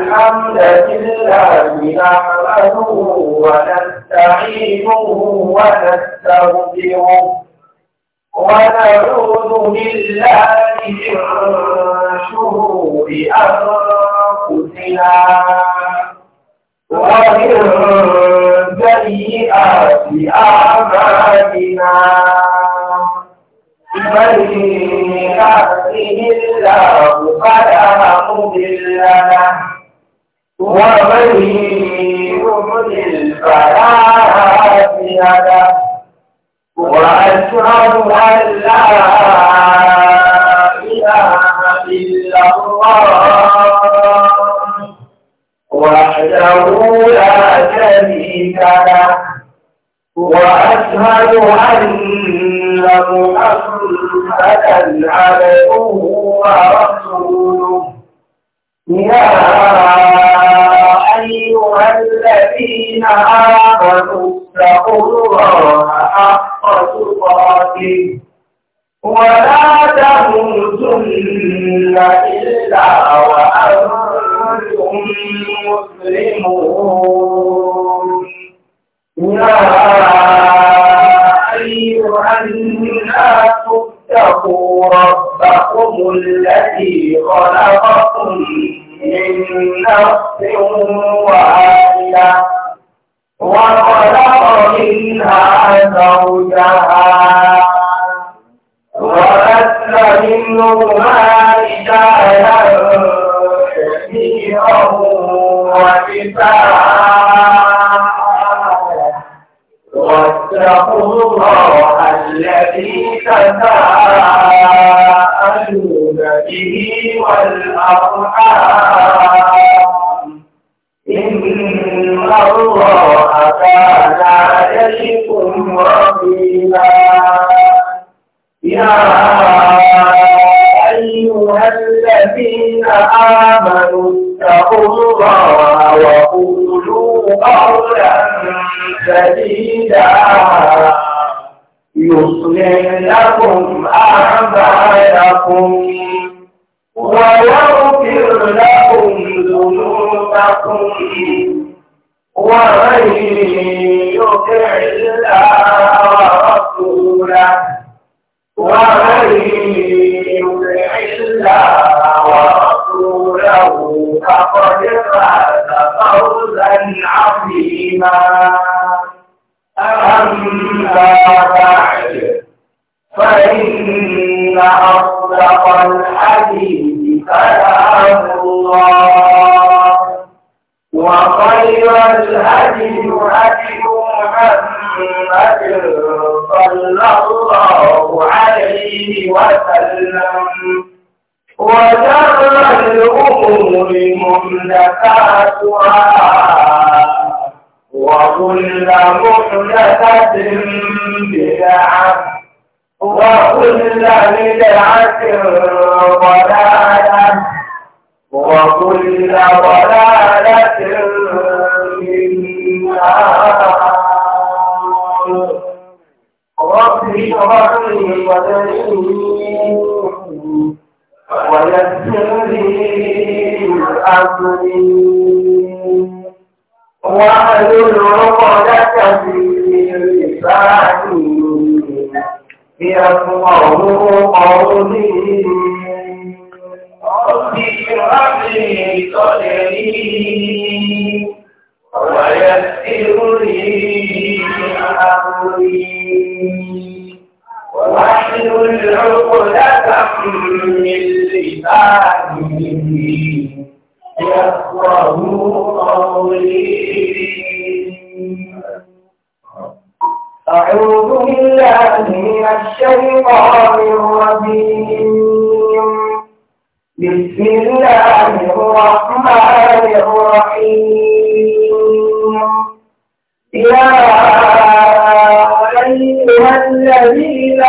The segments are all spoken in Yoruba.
الحمد لله نعمله ونستعينه ونستغفره ونعوذ بالله من شرور أنفسنا ومن سيئات أعمالنا من يهده الله فلا مضل له ومن يضلل فلا هادي واشهد ان لا اله الا الله وحده لا شريك له واشهد ان محمدا عبده ورسوله يا أيها الذين آمنوا اتقوا الله حق تقاته ولا تموتن إلا وأنتم مسلمون يا أيها الناس اتقوا ربكم الذي خلقكم من نفس واحدة وخلق منها زوجها وبث منهما رجالا كثيرا ونساء واتقوا الله الذي تساءل به والأرحام إن الله كان عليكم رقيبا يا أيها الذين آمنوا اتقوا الله وقولوا قولا سديدا يصلح لكم أعمالكم ويغفر لهم ذنوبكم ومن يطع الله ومن يطع الله ورسوله فقد فاز فوزا عظيما أما بعد فإن أصدق الحديث كلام الله وخير الهدي هدي محمد صلى الله عليه وسلم وشر الأمور مهلكاتها وكل مهلكة بدعة وكل بدعة ضلالة وكل ضلالة في النار رب اشرح لي صدري ويسر لي أمري واحلل عقدة من لساني يفقهوا قولي رب اشرح لي صدري ويسر لي امري واحلل عقدة من لساني يفقهوا قولي أعوذ بالله من الشيطان الرجيم بسم الله الرحمن الرحيم يا أيها الذين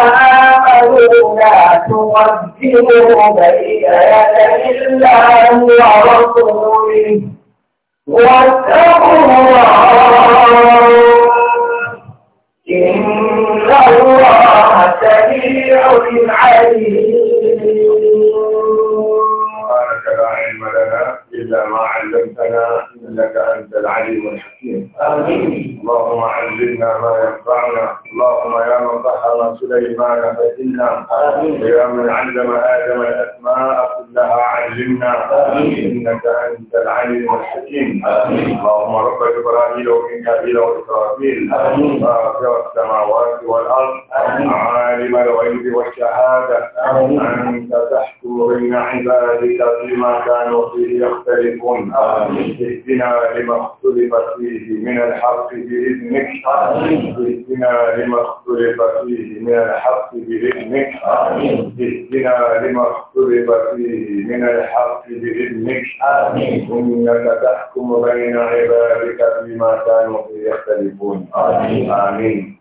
آمنوا لا تقدموا بين يدي الله ورسوله واتقوا الله إن الله سميع عليم لا علم لنا إلا ما علمتنا إنك أنت العليم الحكيم آمين اللهم علمنا ما ينفعنا اللهم يا من فهم سليمان فإنا آمين يا من علم آدم الأسماء كلها علمنا آمين إنك أنت العليم الحكيم آمين اللهم رب إبراهيم وميكائيل واسرائيل. آمين فاطر السماوات والأرض آمين الغيب والشهادة أنت تحكم بين عبادك فيما كانوا فيه يختلفون اهدنا لما اختلف فيه من الحق بإذنك اهدنا لما اختلف فيه من الحق بإذنك اهدنا لما اختلف فيه من الحق بإذنك إنك تحكم بين عبادك فيما كانوا فيه يختلفون آمين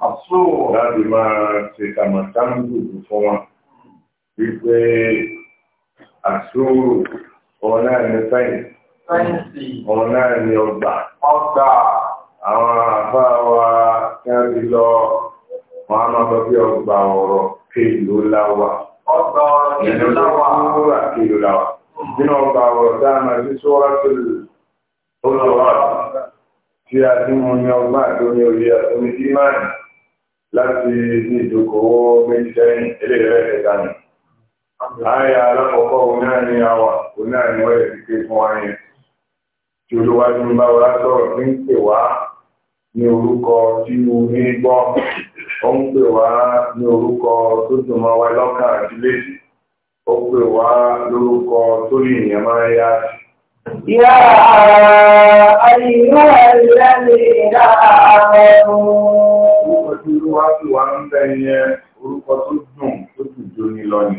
láti máa ṣe tàmàtàmùdù fún wa wípé àṣòro ọ̀rọ̀ náà ní sáyẹ̀nsì ọ̀rọ̀ náà ní ọgbà ọgbà àwọn àbá wa tí wọ́n ti lọ wọn a máa sọ pé ọgbà ọ̀rọ̀ kéèló láwà ọgbà ọ̀rọ̀ kéèló láwà ọgbà kéèló láwà nínú ọgbà ọ̀rọ̀ tá a máa ti sọ́ra tó lè ó lọ́wọ́ tí a ti mú ní ọgbà tó ní oyè àtúndí máàlì láti ní ìdókòwò méjì sẹ́yìn eléyìí ẹ̀ka nù. Àyà alákọ̀ọ́kọ́ onáà ní àwà onáà ní wọ́n lè fi ké fún wa yẹn. Tí olúwájú ń bá wa sọ̀rọ̀ ní ń pè wá ní orúkọ tí mo ní gbọ́. Ó ń pè wá ní orúkọ tó dùn mọ́ wa lọ́kàn àti léṣe. Ó pè wá lórúkọ tó lè yàn máa yá sí. Ìyá àyíká ìlànà ìdáhàmọ́ orúkọ tí olúwa sì wá ń bẹ yẹn orúkọ tó dùn tó dùn jóni lọ ni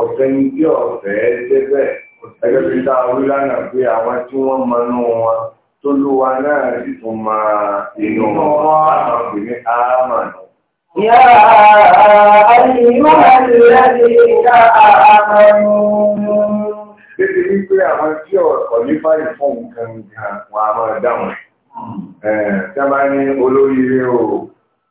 ọ̀sẹ̀ ní tí ọ̀sẹ̀ débẹ̀ ẹgbẹ́ fi dá orí lánàá pé àwọn tí wọ́n mọnú wọn tó lúwa náà sì tún máa inú wọn àwọn pè ní ámànù. يا أيها الذين آمنوا Dédé wípé àwọn tí ọ̀rọ̀ nípa ìfọ̀nkan gan wa máa dáhùn. Ẹ̀ẹ́n tí a bá ní olóríire o,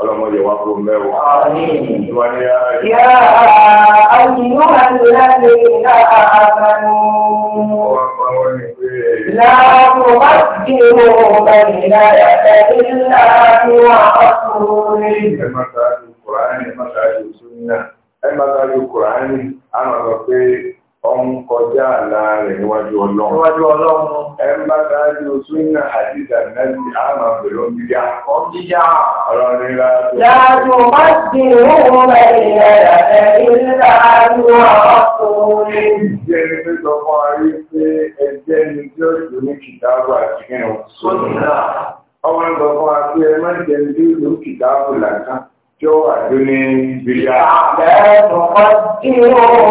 ọlọ́mọdé wa kó mẹ́wọ̀. Yá àyùmọ́ àlùláde náà àmàlù. Láàbù bá ti rò bẹ̀rẹ̀ láyàtẹ̀ nílá tí wọ́n á kúrin. Ẹ máa ta ju Kùránì, ẹ máa ta ju Súnà, ẹ máa ta ju Kùránì, á máa sọ pé ọmọ kọjá àlà rẹ̀ níwájú ọlọ́run. Níwájú ọlọ́run. Ẹ ń bá dájú súnà àti dàmẹ́sì àmà pẹ̀lú jíjá. Ọm Ọ̀rọ̀ ní láàbù. Láàbù má ti òun rẹ̀ ìrẹ̀lẹ̀ ẹ̀rí ọkùnrin. Ìjẹ́ ni pé sọ fún ayé pé ẹjẹ́ ni tí ó jù ní kìtàbù àti kírun. Sọ́nà. Ọmọ ń fún wa pé ẹ má jẹ́ ní kìtàbù làkàn tí ó wà tó ní bíyà. Àbẹ̀rù kan ní wọn.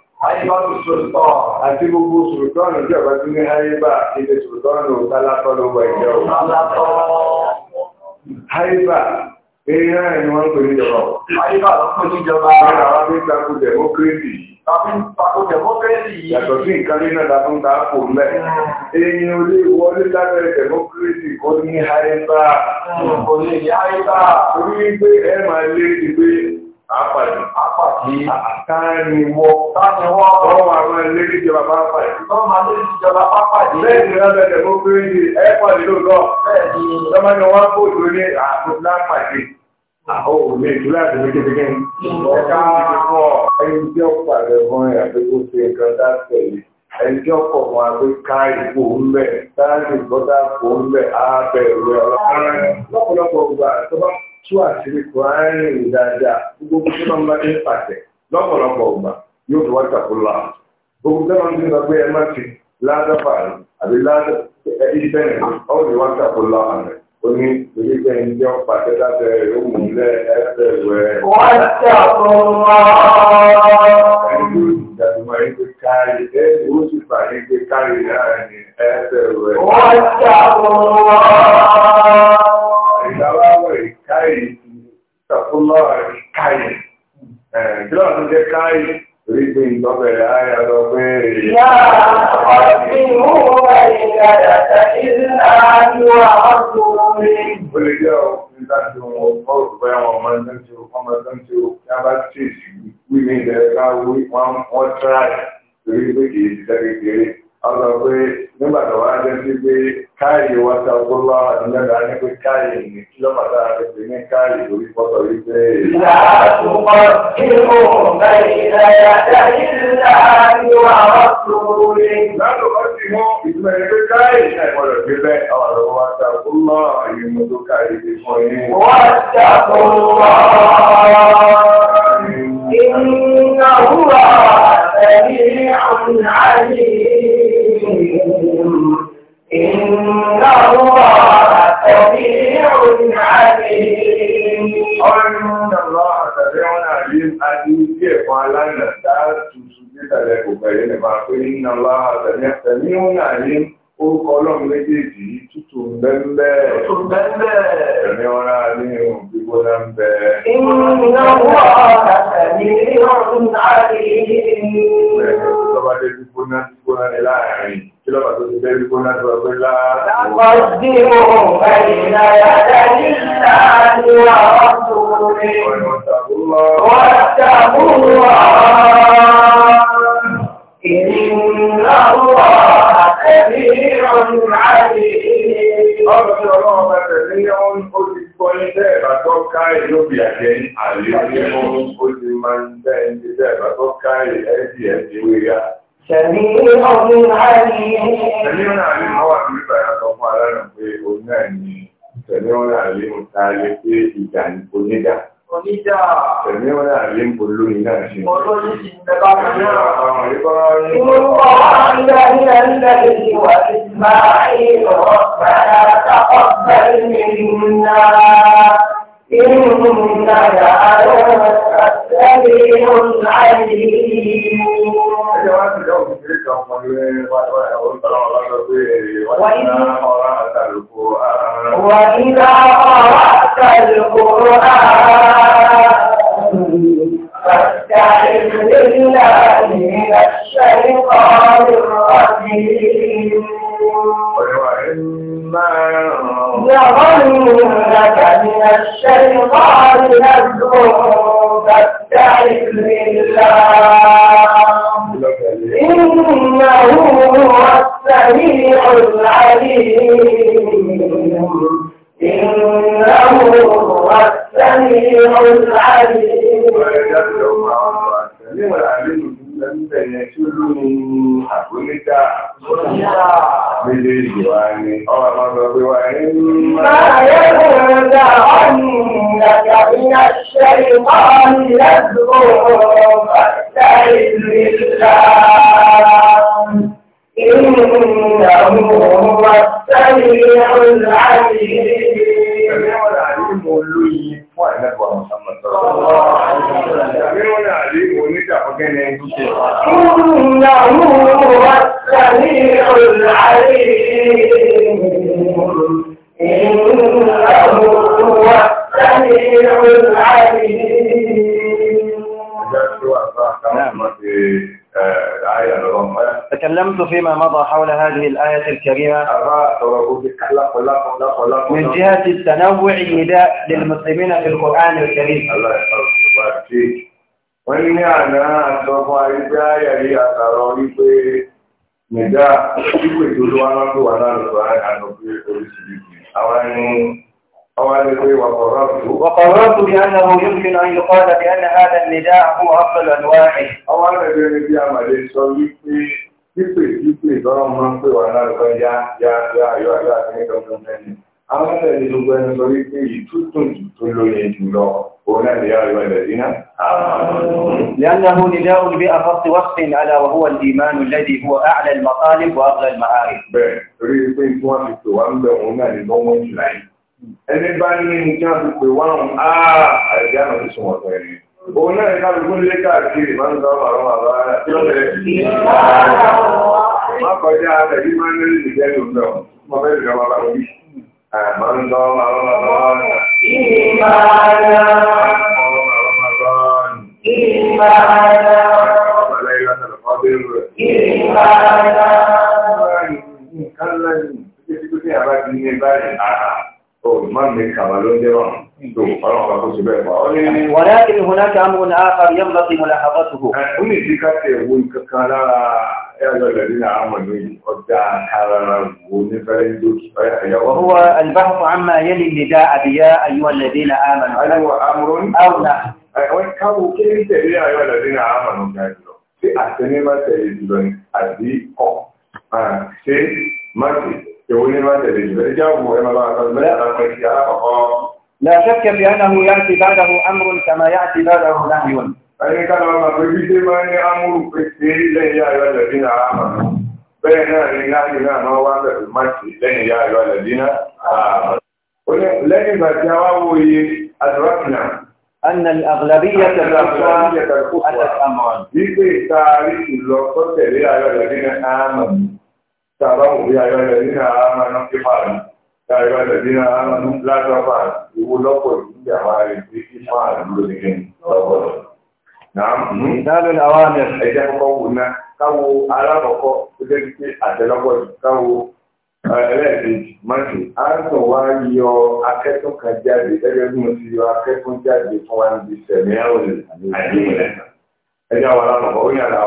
Àyíbáwò sòtọ́ àti gbogbo sòtọ́nù jẹ́ ọ̀gá tí ní Àyíbá ilé sòtọ́nù tálákọ́ ló wọ ìjẹ́ òun. Àyíbá èèyàn ẹ̀ ni wọ́n ń pè níjọba. Àyíbá ló pè níjọba. Bára wa fi ń takò dẹ̀mókírésì. Tàbí takò dẹ̀mókírésì yìí. Yàtọ̀ sí nǹkan ní náà tàbí nǹkan kò mẹ́. Èèyàn ò lè wọlé lábẹ́ dẹ̀mókírésì kó ní Àyíbá. Kò lè yá Àyíbá. Orí gbé ẹ máa lé ti gbé àpàdé àpàdé àkáriwọ tániwọ ọlọ́wọ́ àwọn ẹlẹ́rìí ìjọba bá pàdé. tọ́wọ́ máa lé ìjọba bá pàdé. bẹ́ẹ̀ ni wọ́n bẹ̀rẹ̀ mú pé ní ẹ́pọ̀lì lóòótọ́. bẹ́ẹ̀ ni wọ́n ní wọ́n kó ìlú ní àtúndá pàdé. àwọn òun ètò láti ní kékeré ọ̀gá ọ̀ ẹni tí ó pàdé fún ẹ̀ pé kó ṣe nǹkan dá tẹ̀lé ẹni tí ó pọ̀ fún wa pé ká ìbò ń bẹ̀ táàgì gbọ́dá kò ń bẹ̀ tú àṣírí kùránì rìn dáadáa gbogbo tó máa ń bá dé pàṣẹ lọ́pọ̀lọpọ̀ ọgbà yóò fi wá tàkùlà gbogbo tó máa ń bá gbé ẹ má ti ládàbà àbí ládà ìbẹ̀rẹ̀ ọ̀hún ni wá tàkùlà àmì oní torí pé ẹni tí ó pàṣẹ láti ẹ ó mú lẹ ẹsẹ̀ rẹ. wọ́n ti ẹni tó ti dàgbà yín pé káyé ẹ ó sì fà yín pé káyé náà ẹsẹ̀ rẹ. wọ́n ti káyì ìtàkùnlọ́ rẹ̀ káyì kí lọ́wọ́ tó jẹ́ káyì torí pé ìtọ́bẹ̀rẹ̀ ayé lọ pé ìyá ọ̀sí ìwúwọ̀ ìgbàdà tàbí láàájú àwọn tó rí. ó lè jẹ́ òfin láti wọn ọ̀rọ̀ pé ọmọ ẹgbẹ́ tí ó ọmọ ẹgbẹ́ tí ó kí bá tèèsì wí ní ọ̀sọ̀ pé nígbà tó wá jẹ́ sí pé káàyè wá sí ọgbọ́lá àdúgbà ní pé káàyè ní kí lọ́pàá rẹ̀ pé ní káàyè lórí pọ́tọ̀ yìí pé. ìyá àtúmọ̀ kí mo bẹ ìdáyàjá ìlà ní àwọn tòun lè. lánàá wọ́n ti mú ìtumọ̀ ẹni pé káàyè náà ìmọ̀lẹ̀ gbé bẹ́ẹ̀ àwọn ọ̀rọ̀ wá sí ọgbọ́lá àyè mo tó káàyè ti fọ yín. wá sí Aláìnà dáa tuntun nígbàlẹ̀ kò bẹ̀rẹ̀ nípa pé ní Allah àtẹ̀mí àtẹ̀mí ó náà ní orúkọ ọlọ́run méjèèjì yìí tútù bẹ́ńbẹ́. tútù bẹ́ńbẹ́. ẹ̀mí ọ̀rá ní ohun gbígbóná ń bẹ. iná wọ̀ àtàlí ọ̀run àrí. lọ́ba dé gbígbóná gbígbóná ní láàárín kí lọ́ba tó ti dé gbígbóná tó wà pé lá. lápá sí òun ẹ̀yìn àyàdá nílá ni wà á tó rí. ọ̀nà tàbúrò. wọ́n tàbúrò. ìrìn náà wà. Ọ̀rọ̀ ọlọ́run ọba tẹ̀lé ní wọ́n ó ti gbọ́ ilé ìbàtọ́ káàrì ló bí àjẹ́ àlè ní wọ́n ó ti máa ń bẹ́ ilé ìbàtọ́ káàrì ẹ̀dì ẹ̀dì wíyá. Ṣẹ̀mí ọdún láàrin. Ṣẹ̀mí ọdún láàrin máa wà ní ìbàyà sọ fún alárùn pé òun náà ni ṣẹ̀mí ọdún láàrin ta lè pé ìjà onídàá oníjà ẹ̀mí wọn náà lé ń polú ní náà ṣe olóyìn ti ń bẹ bá إنك على سبيل عليم وإذا قرأت القرآن فاستعذ بالله من الشيطان الرجيم وإما يغنك من الشيطان نزل فاستعذ بالله إنه هو السميع العليم إنه هو السميع العليم bẹ̀rẹ̀ yẹn tí ó lómi àgbóníkà méjèèjì wá ní ọwọ́ àmọ́sọ pé wá ní. Máa yẹ kó ń dá ọ̀nì ìyàgà ní àṣẹ ìmọ̀ọ́nì lẹ́gbọ̀ọ́ bàtà ìlú ìlà. Ìnáwó bàtà ìlú ìlà yìí. Ẹ̀rọ àyè mo lóye fún àìlẹ́kọ̀ọ́ àwọn sàmọ̀ sọ̀rọ̀. Nínú ní àlè mo ní ìjàpọ̀kẹ́ ni ẹni tó ṣe. Ìyàwó wa sàní ọ̀làrí. Ìyàwó wa sàní ọ̀làrí. نعم. تكلمت فيما مضى حول هذه الآية الكريمة من جهة التنوع النداء للمسلمين في القرآن الكريم الله يحفظك ويحفظك ونعم نداء وقررت بأنه يمكن أن يقال بأن هذا النداء هو أفضل أنواعه لأنه نداء بأفضل وقت على وهو الإيمان الذي هو أعلى المطالب وأغلى المعارف ẹni bá ní ní kí wọ́n ti pè wọ́n áà àìsí àmà tó sùn wọ̀tọ̀ ẹni. òun náà ká ló gúnlé káàkiri máa ń sọ àwọn àwọn àbá tí má kọjá bí máa ń lé ìjẹ́ lè ń àwọn àbá. ولكن هناك أمر آخر ينبغي ملاحظته وهو البحث عما يلي النداء بيا أيها الذين آمنوا أمر أو لا وكانوا كيف أيها الذين آمنوا في أو ما لا شك بانه يأتي بعده أمر كما يأتي بعده نهي بين ما المسجد لن آمنوا لن أدركنا أن الأغلبية الأغلبية أتت أمرا بيكي تاريخ اللوكوتة آمنوا tàbáwò bí ayọ́lẹ̀ nínú àmànà pípàrà ayọ́lẹ̀ nínú àmànà látọ́pà ìwú lọ́pọ̀ ìgbàwà rẹ̀ pé pípàrà lórí ẹni lọ́pọ̀ Ìdálẹ́ àwọn àmì ẹ̀jẹ̀ kọ́kọ́ wò ná káwo alákọ̀ọ́kọ́ tó jẹ́ pé àtẹ́lọ́pọ̀ káwo ẹlẹ́ẹ̀kejì máṣe. A ń sọ wá yọ akẹ́kọ̀ọ́ kan jáde gẹ́gẹ́ bí mo ti yọ akẹ́kọ̀ọ́ jáde fún wa níbi sẹ̀mí àwọn àdéhùn ẹ̀ka. Ẹjẹ́ àwọn alákọ̀ọ́kọ́ ó yàrá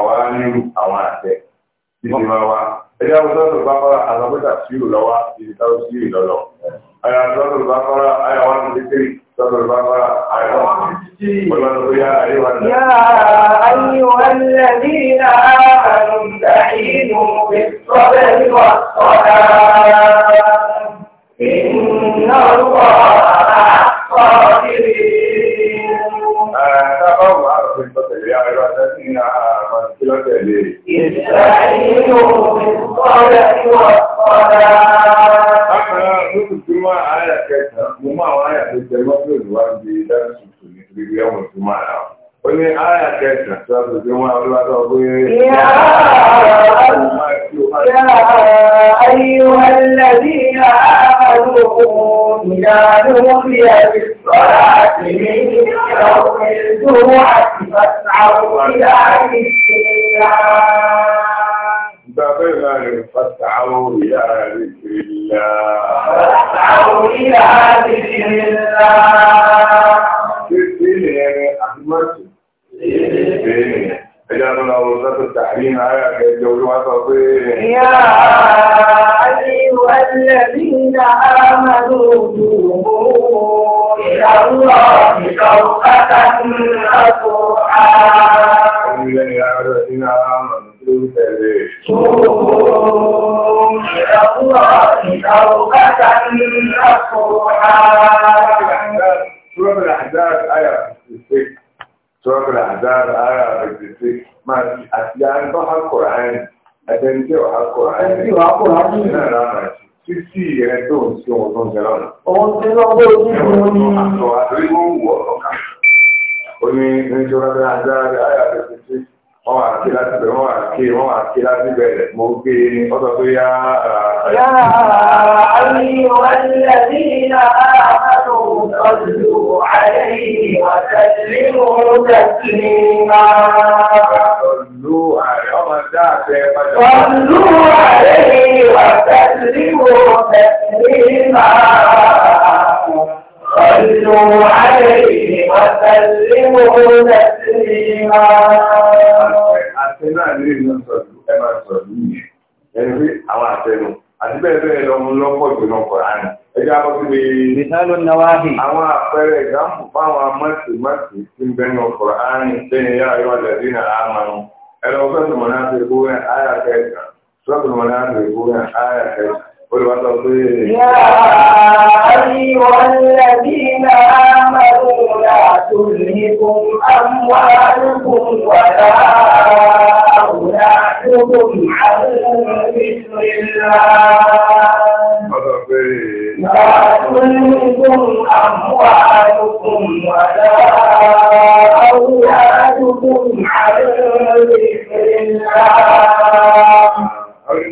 wa ẹ̀dá ọ̀sọ́tò bákọ́rà àlọ́gbẹ́ta sírò lọ́wọ́ ibi táwọn sírò lọ́lọ́ àyà ọ̀sọ́tò bákọ́rà àyà wọn ti tẹ́lẹ̀ ọ̀sọ́tò bákọ́rà àyà wọn ti tí ìgbọ̀lọ́dọ̀ tó yá ayé wọn lọ. yá ayé wọn lẹ́bí náà àrùn dàínú fi sọ́bẹ̀ nípa ọ̀dà iná lọ́wọ́ àkọ́kiri. Àtàbáwò á tó ń tọ́tẹ̀lé ààrẹ àtẹ́sí ní àwọn tí ó tẹ̀lé. Ìṣàlẹ́yìn òfin kọ́lẹ̀ tí wọ́n kọ́lá. Bákan náà, ló kù tí wọ́n àyà kẹta, mo mú àwọn àyà tó jẹ mọ́tò ìwádìí dáná tuntun nítorí bí wọ́n ti máa rà. ó ní àyà kẹsàn-án tó a tòjú wọn àwọn olùwàtò ọgbẹ́. yà á ayò ẹlẹ́bí àárò ìdánwò bí ẹbí sọ́ra àti ní ọ̀pẹ̀ ìdúró àti bàtà àwọn ìyá àti ìyá. بابي مالك فاسعوا إلى ذكر الله فاسعوا إلى ذكر الله ذكر الله أحمد اجعلنا وسط التحريم على الجوز يا ايها الذين امنوا توبوا الى الله توبه نصوحا يا الذين امنوا توبوا الى الله توبه نصوحا سوره الاحزاب ايه sọ́kùnrin àdáàrà ara àgbègbè máa ti àti àgbọ̀ àkọ̀rọ̀ ayé àtẹnudẹ́ wà àkọ̀rọ̀ ayé. ẹni tí wàá kọ̀rọ̀ ayé yìí náà lára àti títí ìrẹ́ tó ń sí ohun tó ń tí wọ́n bó ojú ni wọ́n ní. àtọ̀ àtọ̀ ìwọ̀n wù ọ̀ọ̀kan. ó ní ní sọ́kùnrin àdáàrà ara àgbègbè wọ́n wà láti bẹ̀rẹ̀ wọ́n wà wọ́n wà láti bẹ̀rẹ̀ mo gbé ọ̀sọ̀ tó yá. yàrá ayé صلوا عليه وسلموا تسليما Ẹni àwọn àtẹnu àti bẹ́ẹ̀ bẹ́ẹ̀ lọ mú lọ́pọ̀ ìgbìmọ̀ Kọ̀ránì. Ẹjọ́ àkọsílẹ̀ ìrìsálò náwáhì. Àwọn àpẹẹrẹ ìdáhùn fáwọn mọ́sí-mọ́sí ń bẹ́nu Kọ̀ránì tẹ́yìn yára yọ àjàdí náà Olúwa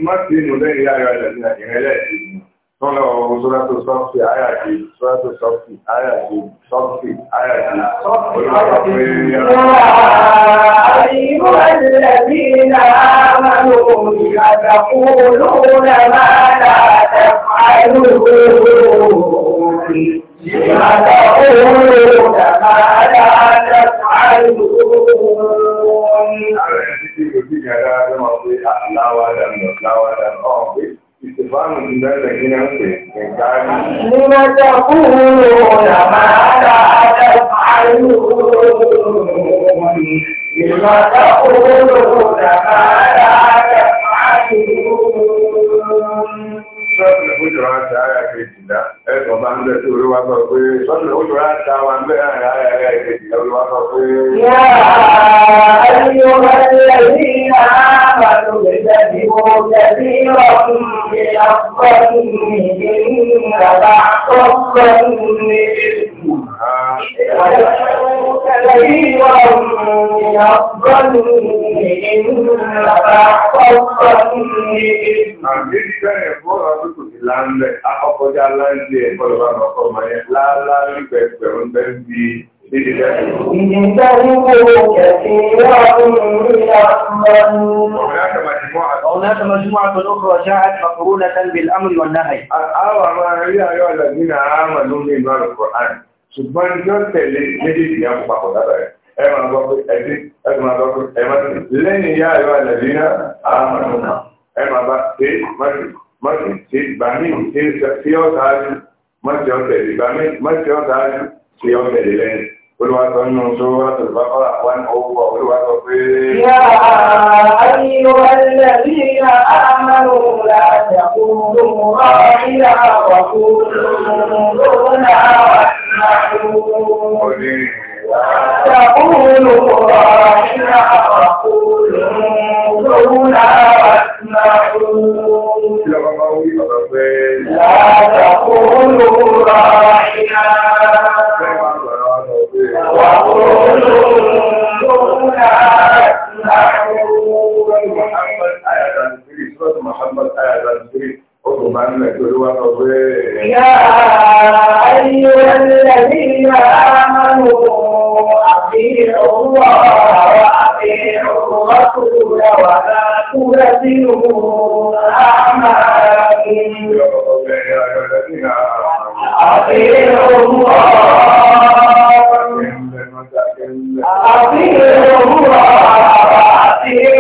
Máṣe nù lẹ́yìn ayọ̀ ẹ̀lẹ̀ ìrẹ́lẹ̀ ìlú. Tọ́lọ̀ ọ̀rọ̀ sọ́dátò sọ́fì ayàjì, sọ́dátò sọ́fì ayàjì, sọ́fì ayàjì, sọ́fì ayàjì. Àìyíwọ̀ ẹ̀lẹ̀ bí náà máa lò ìyàtàkù lóòrẹ̀ máa dáadáa لم تقولون ما لا تفعلون لم تقولون ما لا تفعلون Sọ́ọ̀tì òjò àti ara ìkejìlá ẹ̀kọ́ máa ń bẹ́ tí olúwa sọ pé sọ́ọ̀tì òjò àti àwọn àgbẹ̀ sọ pé. méjì bẹ̀rẹ̀ fún ọ̀rọ̀ tó kò sí láńlẹ̀ akọ́kọ́já láńlẹ̀ ẹ̀kọ́ lọ́wọ́ ọkọ̀ ọmọ yẹn láàlá nígbẹ̀gbẹ̀rún bẹ́ẹ̀ bí méjì bẹ̀rẹ̀. Ìjìnlẹ̀ wíwo kẹ̀kẹ́ wà fún mi هناك مجموعة أخرى جاءت مقرونة بالأمر والنهي. أو ما هي أيها الذين آمنوا بما القرآن. سبحان الله تلي نجد يا مبارك الله. ẹ máa gbọ́ pé ẹtí ẹ máa gbọ́ pé ẹ máa lẹ́yìn yá ìwà ìlẹ̀dínà àmọ́ náà ẹ máa bá ṣe mọ́tì mọ́tì ṣe ìgbà míì ṣe ṣe ọ̀ṣáájú mọ́tì ọ̀tẹ̀ ìgbà míì mọ́tì ọ̀ṣáájú ṣe ọ̀tẹ̀ lẹ́yìn olùwàsọ nínú tó wàtò ìbáfọ́lá wọn ọwọ́ olùwàsọ pé. yà á yọ ẹlẹ́bí yà á mẹ́rù láti àkóso ráyà wà kúrò lọ́wọ́ náà wà ní àkóso. تقول قرآننا فقول انظرنا واسمعون لا تقولوا راعنا وقولوا انظرنا واسمعون محمد آية الكريم محمد آية الكريم Oṣù máa ń lẹ̀ tó ló wá sọ pé. Ìyá ayé ẹlẹ́ ní ìyá máa ń wò àti owó àwọn àti owó ọkùnrin wà lákúrẹ́ sínú àmà kí. Àti owó àti owó àti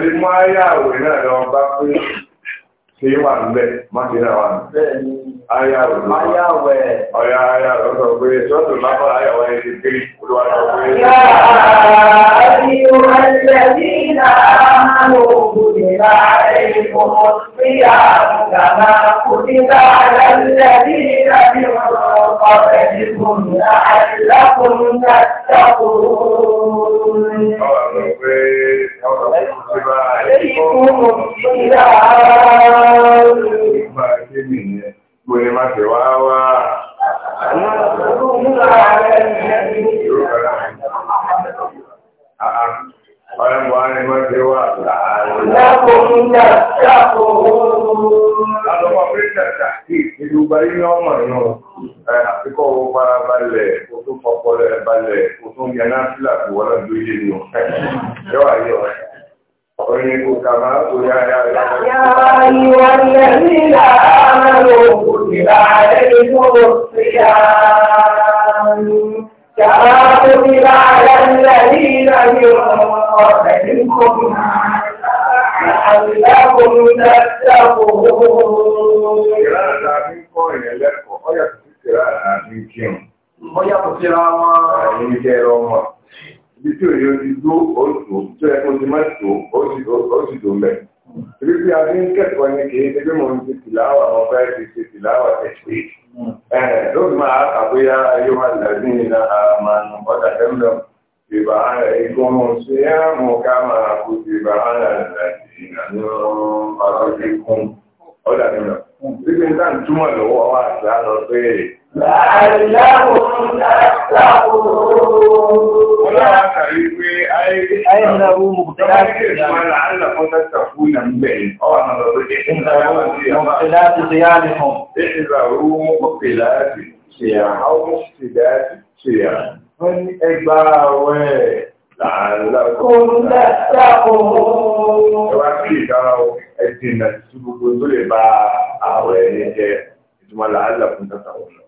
lè mú ayé àwẹ̀ náà lọ bá pé ṣe wà níbẹ̀ mákìlá wà ní. Ayáwẹ̀. Ayáwẹ̀. Ọ̀yá ayáwẹ̀ sọ pé sọ́tò lápá ayáwẹ̀ ti kiri olúwa sọ pé. Yá àbí ọ̀rẹ́ ní ìlànà òkùnrinlá ẹ̀yìnkò sí àgbàlá òkúta àgbàlẹ̀ ní ìlànà ọ̀rẹ́ ní kùnà àlákùnrin àtàkùn. Ọ̀rọ̀ pé ọ̀rọ̀ Nípa kí ni ìyẹn, kò ní máa tẹ̀ wá wá. Ọ̀rẹ́ mọ̀ ní máa tẹ̀ wá láàárín. Lápò ń jà, lápò ń. Àlọ́mọ̀ pé tàtà kí ìlú bá yí ọmọ náà. Àfikọ́ owó para balẹ̀, o tún fọpọlẹ̀ balẹ̀, o tún yẹn náà sílà tó wọ́n lọ́dún yé ni o. Yọ́wà yọ̀ ẹ̀. وَيَقُولُ كَمَا قُلْ يَا أَيُّهَا الَّذِينَ آمَنُوا كُتِبَ عَلَيْكُمُ الصِّيَامُ كَمَا كُتِبَ عَلَى الَّذِينَ مِن قَبْلِكُمْ لَعَلَّكُمْ تَتَّقُونَ Ìrànlá mi kọ́ ìrẹ̀lẹ́kọ̀ọ́, ó yàtọ̀ sí ìrànlá mi kírun. Ó yàtọ̀ sí ra wọn. Àyíkẹ́ rọ wọn ibi tí òye ti dó oṣù tó yẹ kó ti má tó oṣù tó mẹ. Ibi tí a fi ń kẹ́kọ̀ọ́ ni kì í ṣe pé mo ń ti tìláwà mo fẹ́ ti ṣe tìláwà ẹ̀ pé. Ẹ lóòótọ́ máa àbóyá ayé wa lẹ́sìn iná àmàlù ọ̀dà tẹ́lẹ̀ ìbá ìgbọ́n ṣe é mú ká máa kó ti ìbá lẹ́sìn iná ní ọ̀dà tẹ́lẹ̀. Ibi tí a ń túmọ̀ lọ́wọ́ wa àti àlọ́ لعلهم يتقون أين هو مبتلات لعلكم تتقون من بعيد مبتلات صيامهم احذروا مبتلات صيام أو مفسدات صيام من إباوي لعلكم تتقون لعلكم تتقون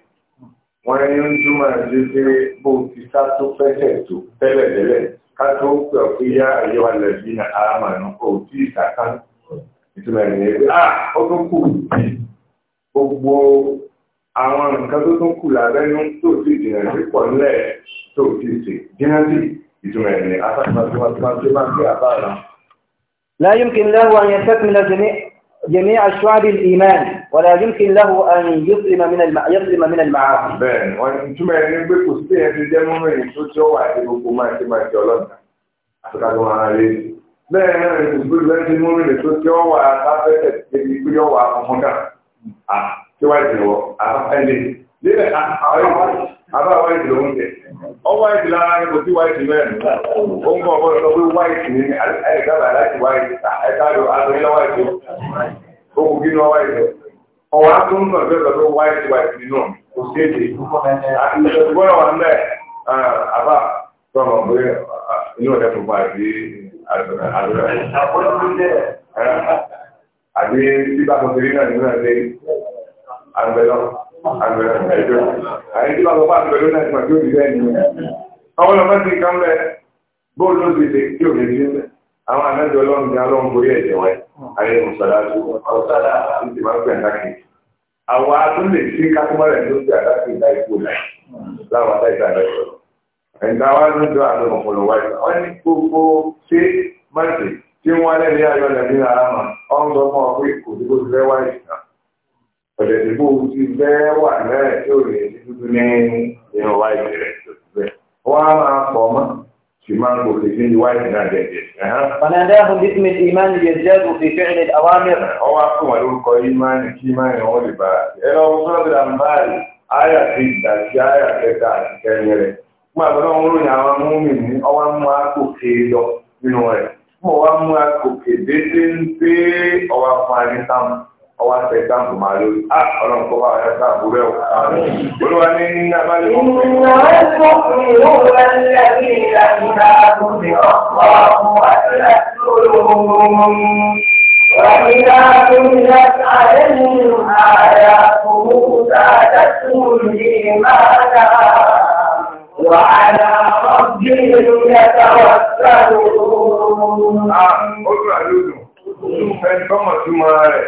wọ́n ní ń túmọ̀ sí pé bó ti ká tó fẹ́sẹ̀ tó tẹ́lẹ̀tẹ́lẹ̀ ká tó pẹ̀ pé yá àyẹ̀wò àlẹ́bí ní àmàlù kò tí ì kàkà ìtumọ̀ ẹ̀mí ẹgbẹ́ à ó tó kù gbogbo àwọn nǹkan tó tún kù lábẹ́nú tó ti dìnnà sí pọ̀ nílẹ̀ tó ti sè dínà sí ìtumọ̀ ẹ̀mí afásitì máa tó máa tó máa tó máa tó àbá àlà. láyé kí n lẹ́wọ̀ àyẹ̀fẹ́ mi lọ ní جميع أشعاب الإيمان ولا يمكن له أن يظلم من الم... يسلم من المعاصي. بين وإن ثم ينبغي كسبه في جمعه من سوتشو وعدي بكما كما جلنا. أتكلم عن ليه. bẹ́ẹ̀ náà ní ìgbésí lẹ́yìn tí múrin lè tó tí ó wà sáfẹ́tẹ̀ tí ó wà fún fún náà Níbẹ̀ àbá wáìtì ló ń jẹ. Ọ wáìtì lára ní kò sí wáìtì mẹ́rin. Ó ń bọ̀ bọ́ sọ pé wáìtì ní ẹ̀ẹ́dẹ́gbàgbà láti wáìtì ẹ̀ka lọ aṣọ ilé wáìtì. Ó kò kí ní ọ wáìtì. Ọ̀wá tó ń sọ̀rọ̀ bẹ́ẹ̀ lọ́dọ̀ wáìtì wáìtì nínú kò sí èdè. Àti ìṣẹ̀dúgbọ́n wà ń bẹ̀ àbá tọmọ pé inú ọ̀dẹ́ fún pàdé àdúrà. Àbí bíbá kan ti rí àyẹ̀dí bá bá pẹ̀lú náà ìgbà tó dìbẹ́ ẹni rẹ̀. Àwọn ọmọ ti kàn bẹ bóòlù ló ti lè kí òkè sí mẹ́. Àwọn ànájọ ọlọ́run ní alọ́run borí ẹ̀jẹ̀ wẹ̀. Ayé Mùsàlá tó ọ̀sádà ti ti máa ń pẹ̀ dákì. Àwọn atún lè sí kákúmọ́rẹ̀ tó ti àdákì ìdá ìkó náà láwọn adá ìdá rẹ̀ sọ̀rọ̀. Ẹ̀dá wa ló jọ àlọ́ ọ̀pọ̀lọ̀ wáyé. Wọ́n ní gbogbo ṣé mọ́tì tí wọ́n lẹ́ni ayọ̀ lẹ́ni àrámà. Ọ́n sọ fún ọ pé kò sí bó ọ̀dẹ̀ ìdìbò ti bẹ́ẹ̀ wà náà tí lè ti dúdú ní inú wáìtì rẹ̀ tó ti bẹ́ẹ̀. wọ́n á máa pọ̀ mọ́ sì máa ń kò ní wáìtì náà dẹ̀dẹ̀. a. fún ọ̀dọ̀ ń ọwọ́ àti ẹ̀sáǹpù máa lórí. Á ọlọ́run kọ́ bá wa yàtọ̀ àbúrò ẹ̀ O Olúwa ní ní abálẹ̀ wọn. Ìnà ẹ̀sùn ìlú rẹ̀ lẹ̀ ní ìlànà àbúrò ọ̀pọ̀ àwọn àtúnyà tó lòun. وَإِذَا تُلِيَتْ عَلَيْهِمْ آيَاتُهُ زَادَتْهُمْ إِيمَانًا وعلى ربهم يتوكلون. Ó gbàdúrà lódò, ẹni bá mọ̀ sí máa rẹ̀.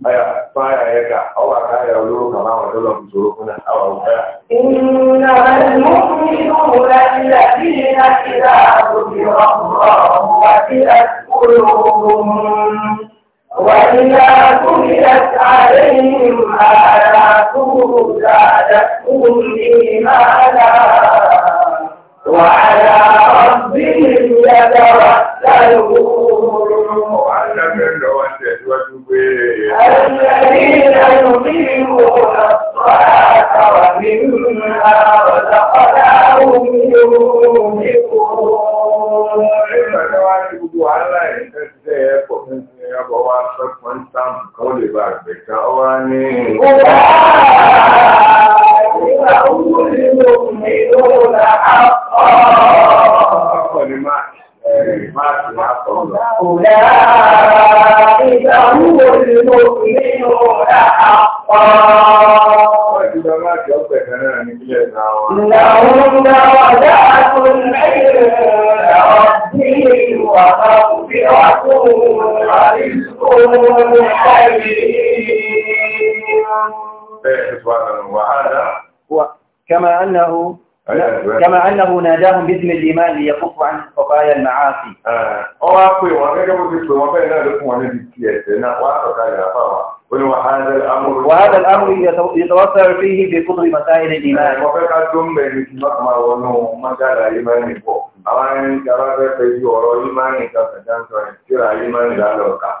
إنما المؤمنون الذين إذا ذكر الله وجلت قلوبهم وإذا تليت عليهم آياته زادتهم إيمانا وعلى ربهم يتوكلون الذين يقيمون الصلاة ومما رزقناهم ينفقون Ọba wa sọ fún ìtàn kan lè bá àgbẹ̀ká wá ní. Ó bá a. هم المؤمنون حقا أولئك هم المؤمنون حقا لهم درجات عند ربهم ومغفرة ورزق حليم. وهذا كما أنه كما أنه ناداهم باسم الإيمان ليكف عن خطايا المعاصي. آه. وهذا الأمر يتوصل فيه بقدر مسائل الإيمان. آه،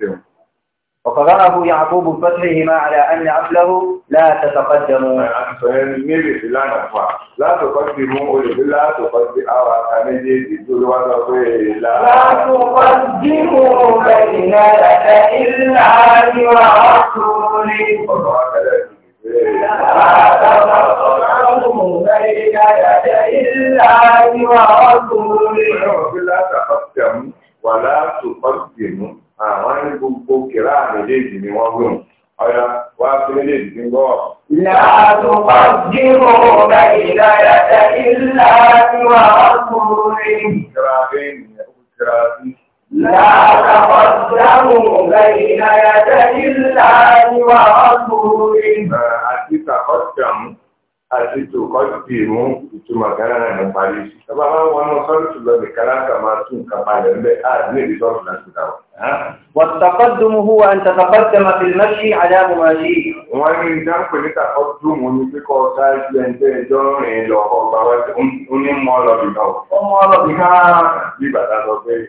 يكفرون وقرره يعقوب بفتحهما على أن عقله لا تتقدموا لا تقدموا لا تقدموا لا تقدموا بين يدي الله ورسوله لا تقدموا بين يدي الله ورسوله لا تقدموا ولا تقدموا àwọn ah, ní gbogbo kìlá méjèèjì ni wọ́n gbọ́n ọ̀yà wá sí méjèèjì ti ń bọ̀. Láàbù pàdínwó ọ̀gá ìdáyàtà ìlà ìwà ọkùnrin. Kíra bẹ́ẹ̀ ni ó kíra sí. Láàbù pàdínwó ọ̀gá ìdáyàtà ìlà ìwà ọkùnrin. Ah, àti tàkọ́jà mú àti tó kọ́jú bí mú ìtumọ̀ gánà náà ní parí sí. Bàbá bá wọn mú sọ́ọ́rù tó lọ nìkan láti máa tún nǹkan palẹ̀ ń bẹ̀ á ní èdè sọ́ọ̀rù láti dà wọ́n. Wàtàkọ́dùmù hùwà ń tàkàbàtà máa fi lọ́sí àdáàbò máa ṣe. Wọ́n ní ìdáǹpẹ̀ ní tàkọ́dùmù ní kíkọ́ ṣáájú ẹ̀ńtẹ́ ẹjọ́ rìn lọ́kọ̀ gbàwẹ́ ó ní mọ́ ọlọ́bì náà. Ó mọ́ ọlọ́bì náà.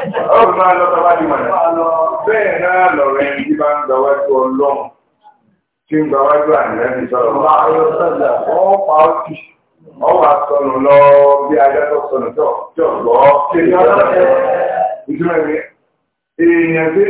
ọ̀rọ̀ máa lọ tọ́wá ní mọ̀lẹ́. bẹ́ẹ̀ náà lọ̀rọ̀ ẹni tí bá ń gba wájú ọlọ́run tí ń gba wájú ànílẹ́ ní sọ̀rọ̀. ọ̀pá ọtí ọwọ́ àsọnù lọ bí adájọ́ sọnù jọ̀ gbọ́. ìtumọ̀ mi èèyàn sí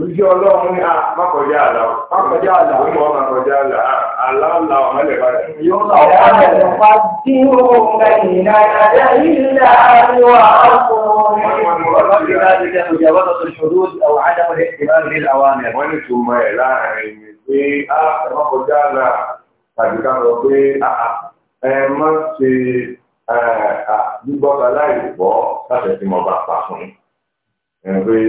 Ìjọ ọlọ́run ní àmọ́kọjá àlá. Mọ́kọjá àlá. Ó mọ́ mọ́kọjá àlá. Àlá ńlá ọmọ ilẹ̀ bá rẹ̀. Yóò lọ wá lẹ̀ wá bí òun ẹ̀yìn náà yàtọ̀ ìlà àríwá ọkùnrin. Wọ́n ní wọ́n lọ́ọ́ bí láti jẹ́ ọjà wọ́n lọ́ọ́ ṣòro àwọn àdámọ̀ rẹ̀ ti máa ń rí àwọn àmì. Wọ́n ní túmọ̀ ẹ̀ láàrin mi pé á mọ́kọjá àlá tàbí ká sọ pé ẹ má ṣe gbígbọ́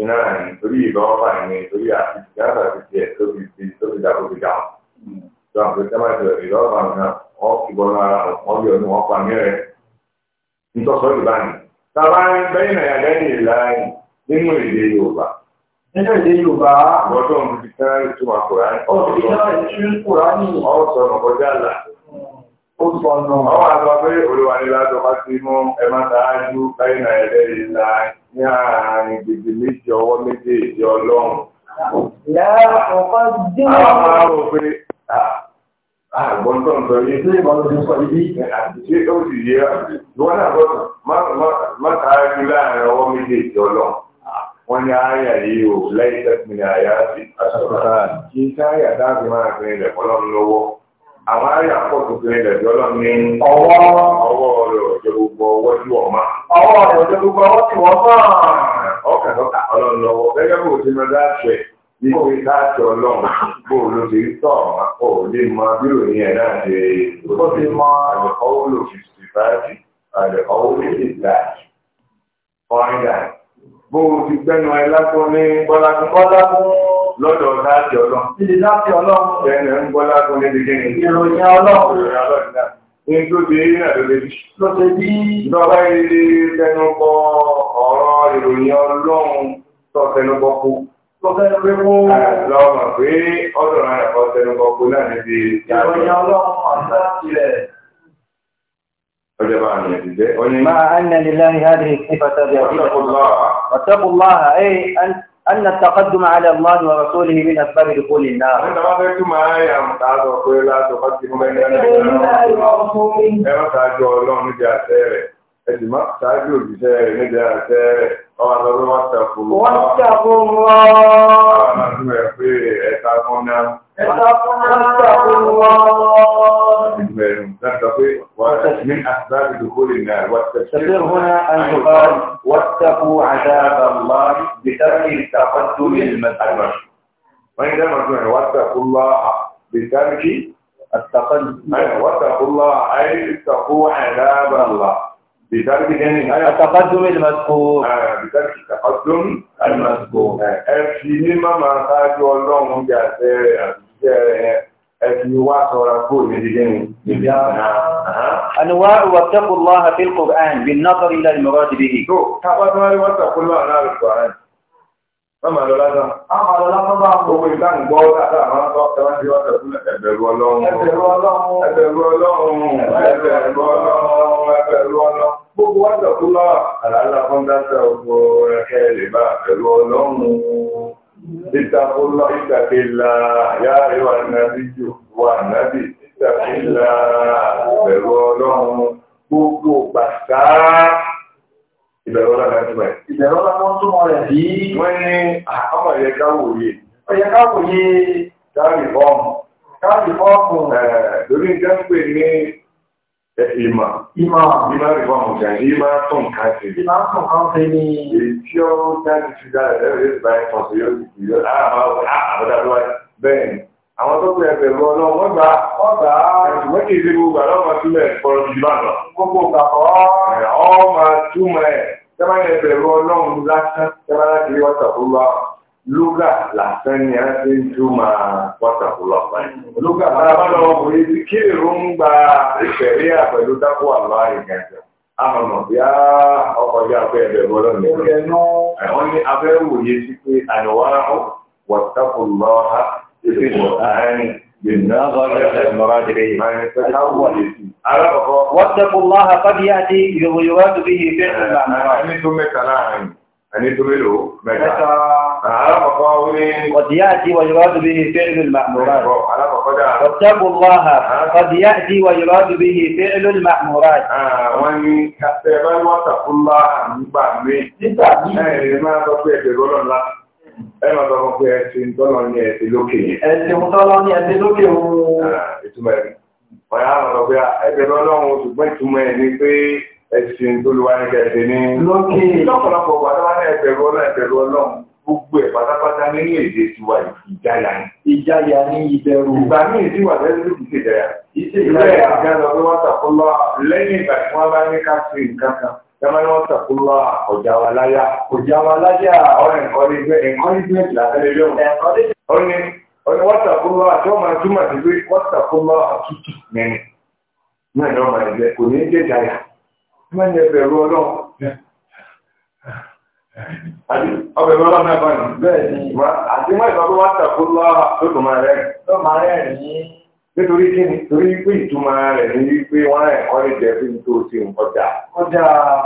iná ní torí ìlọ́ọ̀bà ní torí àti gáàsà ti tiẹ̀ tóbi ti tóbi dà tóbi dà tó àpò sẹ́mẹ́tì ìlọ́ọ̀bà náà wọ́n fi bọ́nú ara wọ́n bí ọdún wọn pa mí rẹ̀ nítọ́sọ́ ìbá ni tàbá ń bẹ́yìn náà lẹ́yìn ìlà nínú èdè Yorùbá. nínú èdè Yorùbá. lọ́dọ̀ ń fi tán ìtumọ̀ Kùránì. ó fi tán ìtumọ̀ Kùránì. ọ̀ sọ̀rọ̀ kọjá là ó sọ ọ̀nà. ọwọ́ àgbà pé olùwànílá tó bá ti mú ẹ má ta ájú bẹ́yìn náà lẹ́yìn ìlà ní àárín gbèdé méjì ọwọ́ méjèèjì ọlọ́run. Láàpọ̀ dín. Àwọn máa rò pé àgbọ̀n tó ń sọ yé. Ṣé ìbọn ló ti sọ ibi? Ṣé ó sì yé wa? Ìwọ náà bọ̀ má káàárín láàárín ọwọ́ méjèèjì ọlọ́run. Wọ́n ní àyà yìí o, lẹ́yìn tẹ́sí ni àyà sí. Kì í sáyà dáàbì máa fi ilẹ̀kọ́ lọ́run lọ́wọ́ àwọn àyà pọ̀jù fún ilẹ̀ tí ọlọ́run ní ọwọ́ ọwọ́ rẹ̀ ọ̀jọ̀ gbogbo ọwọ́ tí wọ́n mọ́. ọwọ́ rẹ̀ ọ̀jọ̀ gbogbo ọwọ́ tí wọ́n mọ́. ọkà tọ́ka ọlọ́run lọ́wọ́ gẹ́gẹ́ bó ti máa dáṣọ ẹ̀ ní kó fi dáṣọ ọlọ́run bó ló ti rí tọ̀ ọ̀ lè mọ bí òní ẹ̀ náà ṣe ó ti mọ ọwọ́ lò fi ṣèbáàdì ọwọ́ lè ṣe ìlàjì fọ́ńdà bó ti gbẹ́nu ẹ lásán ní bọ́lá lọ́dọ̀ láti ọlọ́run. Níbi láti ọlọ́run. Ẹni ń gbọ́ lágún níbi kíni. Ìròyìn ọlọ́run. Ìròyìn ọlọ́run náà. Ní tó ti rí náà ló lè bí. Ló ti bí. Ìjọba ilé tẹnubọ ọ̀rọ̀ ìròyìn ọlọ́run tó tẹnubọ kú. Tó fẹ́ pé kó. Àlọ́ mọ̀ pé ọ̀dọ̀ náà kọ́ tẹnubọ kú náà níbi. Ìròyìn ọlọ́run ọ̀sán tilẹ̀. ما أن لله هذه الصفة واتقوا الله أي أن أن التقدم على الله ورسوله من أسباب دخول النار. اتقوا الله من اسباب دخول النار والتفسير هنا ان يقال واتقوا عذاب الله بترك التقدم المذكور وين مرجوع واتقوا الله بترك التقدم أيوة، واتقوا الله اي اتقوا عذاب الله بترك التقدم المذكور آه، بترك التقدم المذكور افشي آه، مما خاجوا اللهم جاسر iṣẹ́ rẹ̀ ẹ̀fì wá sọ́ra kó ìdíje gẹ́ni níbi àpàná. Àníwá ìwà tẹ́kù lọ́ àfihàn Kùrán bí nọ́tọ̀rì ilẹ̀ ìmọ̀rọ̀ ti bí i. Tó tábà tó wáyé wọ́n tẹ̀kù lọ́ àná rẹ̀ Kùrán. Mọ́mà lọ lásán. Mọ́mà lọ lásán bá gbogbo ìgbà ń gbọ́ láti àwọn ọ̀tọ̀ tẹ́wọ́n ti wọ́n tẹ̀kù ẹ̀bẹ̀rù Ọlọ́run. Ẹ̀bẹ̀rù Ọlọ́run. Ẹ̀bẹ̀rù Ọlọ́run. Ẹ̀bẹ̀rù Ọlọ́run. Ẹ̀bẹ̀rù Ọlọ́run. Gbogbo wá tẹ̀kù lọ́ àlàálà fọ́ńdásẹ̀ ọ̀gbọ̀n ẹ̀kẹ́ lè bá ẹ̀bẹ̀rù Ọlọ́run. اتقوا الله اتق الله يا ايها النبي والنبي اتق الله bẹ̀rù ọlọ́run gbogbo gbàgbá ìbẹ̀rù ọlọ́run láti mọ̀ ẹ̀. ìbẹ̀rù ọlọ́run túmọ̀ rẹ̀ bí. wọ́n ní ah, ọmọ ìyẹn ká wòye. ọ̀yẹ̀ ká wòye. káàdì fọ́ọ̀mù. káàdì fọ́ọ̀mù. lórí ìjẹ́ ní ìmọ̀ ìmọ̀ ìmọ̀ ìwọ̀n ọ̀gá ìmọ̀ tó nǹkan ṣe ìmọ̀ tó nǹkan ṣe ní tí ó dájú sí dáadáa lẹ́rọ yóò bá ẹ̀fọ́ sí yóò sì yóò láàbá àbúdá tó wáyé bẹ́ẹ̀ ni e, àwọn tó pè lúgà lásán ni a ti ń túmọ̀ pọ́tàkùlọ̀pọ̀ yìí. lúgà bá bá lọ ọkùnrin tí kí èrò ń gba ìṣẹ̀rí àpẹ̀lú dákú àlọ́ àìgànjẹ́. amọ̀nà bí a ọkọ̀ yá abẹ́ ẹ̀bẹ̀ bọ́lọ́ ní ìlú. wọ́n ní abẹ́ wòye sí pé àyọ̀wá wọ̀tàkùlọ̀ ha ti wọ̀ láàrin. واتقوا الله قد يأتي يراد به فعل الأمر. أني تمت الآن أني تملوا متى قد يأتي ويراد به فعل المأمورات واتقوا الله قد يأتي ويراد به فعل المأمورات Ẹmà tọ́kọ́ pé ẹ̀sìn tọ́lọ ní ẹ̀sìn lókè yìí. Ẹ̀sìn tọ́lọ ní ẹ̀sìn lókè ooo. Ìtumọ̀ ẹ̀rí. Ọ̀yá àwọn ọ̀rọ̀ pé ẹgbẹ̀rún ọlọ́run ṣùgbọ́n ìtumọ̀ ẹ̀ ni pé ẹ̀sìn tó lu wá ní kẹ̀sìn ní. Lókè. Lọ́pọ̀lọpọ̀ wà lọ́wọ́ ní ẹgbẹ̀rún ọlọ́run gbogbo ẹ̀ pátápátá nínú èdè tiwa ìjáyà ni. ìjáyà ni ìbẹ̀rù. ìgbà míì tí wà lẹ́yìn lókè ṣe jẹyà. ìṣe ìjáyà ìjà lọ pé wọ́n sàkólọ́ lẹ́yìn ìgbà tí wọ́n bá ní ká nǹkan kan yàrá ni wọ́n sàkólọ́ ọ̀jà wa láyà. ọ̀jà wa láyà. ọ̀rẹ́ nǹkan ní gbé nǹkan ní gbé làtẹ́lẹ̀ lọ́wọ́. ó ní wọ́n sàkólọ́ àti wọ́n máa túmọ̀ sí pé wọ́n sàkólọ́ àtútù mẹ́rin náà ni wọ́n máa ń jẹ kò ní í jẹ́ ìjáyà. wọ́n máa ọbẹ̀ bọ́lá náà bá nù. bẹ́ẹ̀ ni wá àti mọ́ ìfọwọ́ wá tàkó lọ́wọ́ tó tó máa rẹ̀. tó máa rẹ̀ ní. nítorí kí ni torí pé ìtumọ̀ rẹ̀ ní wípé wọ́n rẹ̀ kọ́ lè jẹ́ pé nítorí ti nǹkan Ọjà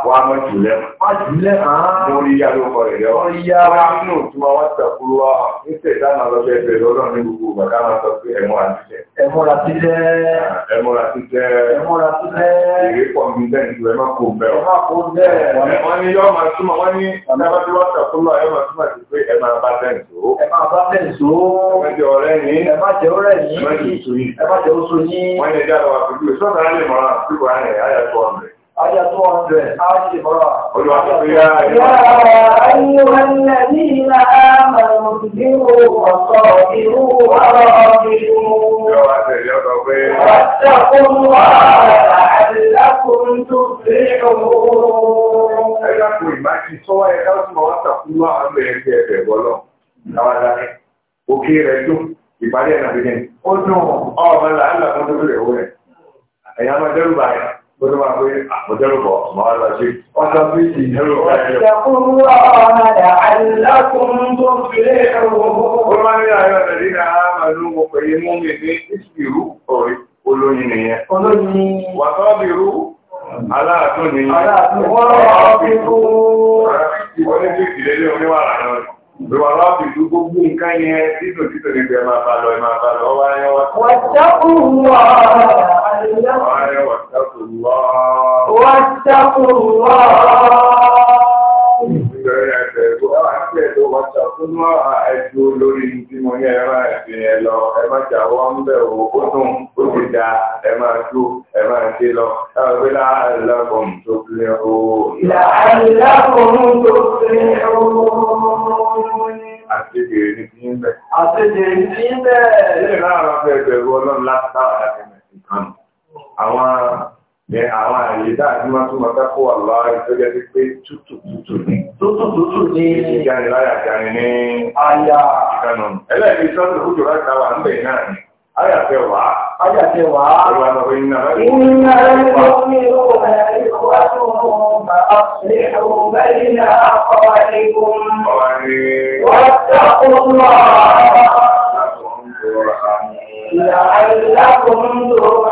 wà mọ́ jùlẹ̀. Má jùlẹ̀ àá. Ah. Mo rí ya ló kọ ìrẹ́ wa. Ọ̀yá wa nínú tí wọ́n wá ṣàkúrú wa. Níṣẹ́ ìdáná lọ́jọ́ ẹgbẹ́ lọ́dọ̀ ní gbogbo bàbá máa sọ pé ẹ̀mọ́ra ti jẹ́. Ẹ̀mọ́ra ti jẹ́. Ah, ẹ̀mọ́ra ti jẹ́. Ẹ̀mọ́ra ti jẹ́. Èrè pọ̀ mi bẹ́ẹ̀ ju ẹ má kó bẹ́ẹ̀. Ẹ má kó bẹ́ẹ̀. Wọ́n ní yọ́ máa túmọ̀ wọ́n ní ẹ̀mọ́ra ti wá آية 200 آية عمران يا أيها الذين آمنوا اصبروا وصابروا ورابطوا واتقوا الله لعلكم تفلحون أي لكم إيمانك سوى يقاسم واتقوا الله عما يجب يقولون نوالا وكيرتم ìpàdé ẹ̀nà bìnrin ó dùn ọmọ làálàá fún tó lè wúrẹ̀ ẹ̀yà máa dẹ́rù báyìí Wọ́n máa pé àpọ̀jọ́rùbọ̀ máa lọ sí ọ́sọ́ sí ìdẹ́rù ọ̀rẹ́. Ìjọkúrú ọ̀rọ̀ àìlákùn tó fi lé ẹ̀rọ. Wọ́n máa ní àyọ̀ ẹ̀rí náà máa ló mọ̀ pé mú mi ní ìṣirú ọ̀rẹ́ olóyin nìyẹn. Olóyin. Wàtọ́ bìrú aláàtún nìyẹn. Aláàtún. Wọ́n rọ̀ ọ́ Ìwàrá fìdú gbogbo nǹkan yẹn títò títò níbi ẹ máa bá lọ, ẹ máa bá lọ, wá ẹ wà àlùyá. Wà ẹ wà ó tún wá ẹ̀dùn lórí tí mo ní ẹ̀rọ ẹ̀sìn lọ ẹ má jà wọ́ ń bẹ̀ wò ó dùn ó ti da ẹ máa tú ẹ máa ṣe lọ ẹ wọ́n fi láàlọ́kùn tó fi ní láàlọ́kùn tó fi ní o. Àṣejèrè ni fi ń bẹ̀. Àṣejèrè ni fi ń bẹ̀. Ilé ìlànà fẹ́ bẹ̀rù ọlọ́run láti bá àwọn àti àwọn ní àwọn àyè dáàbí wọ́n tún máa dákó wà láàá ìtọ́jẹ́ sí pé tútù tútù ní tútù ní àyà ìkànnà ẹlẹ́ẹ̀kì sọ́dún kújò láti wà ń bẹ̀ náà ni àyà tẹ wá àyà tẹ wá ìwà lọ pé iná rẹ iná rẹ ló ní ìwà ìwà tó ń bá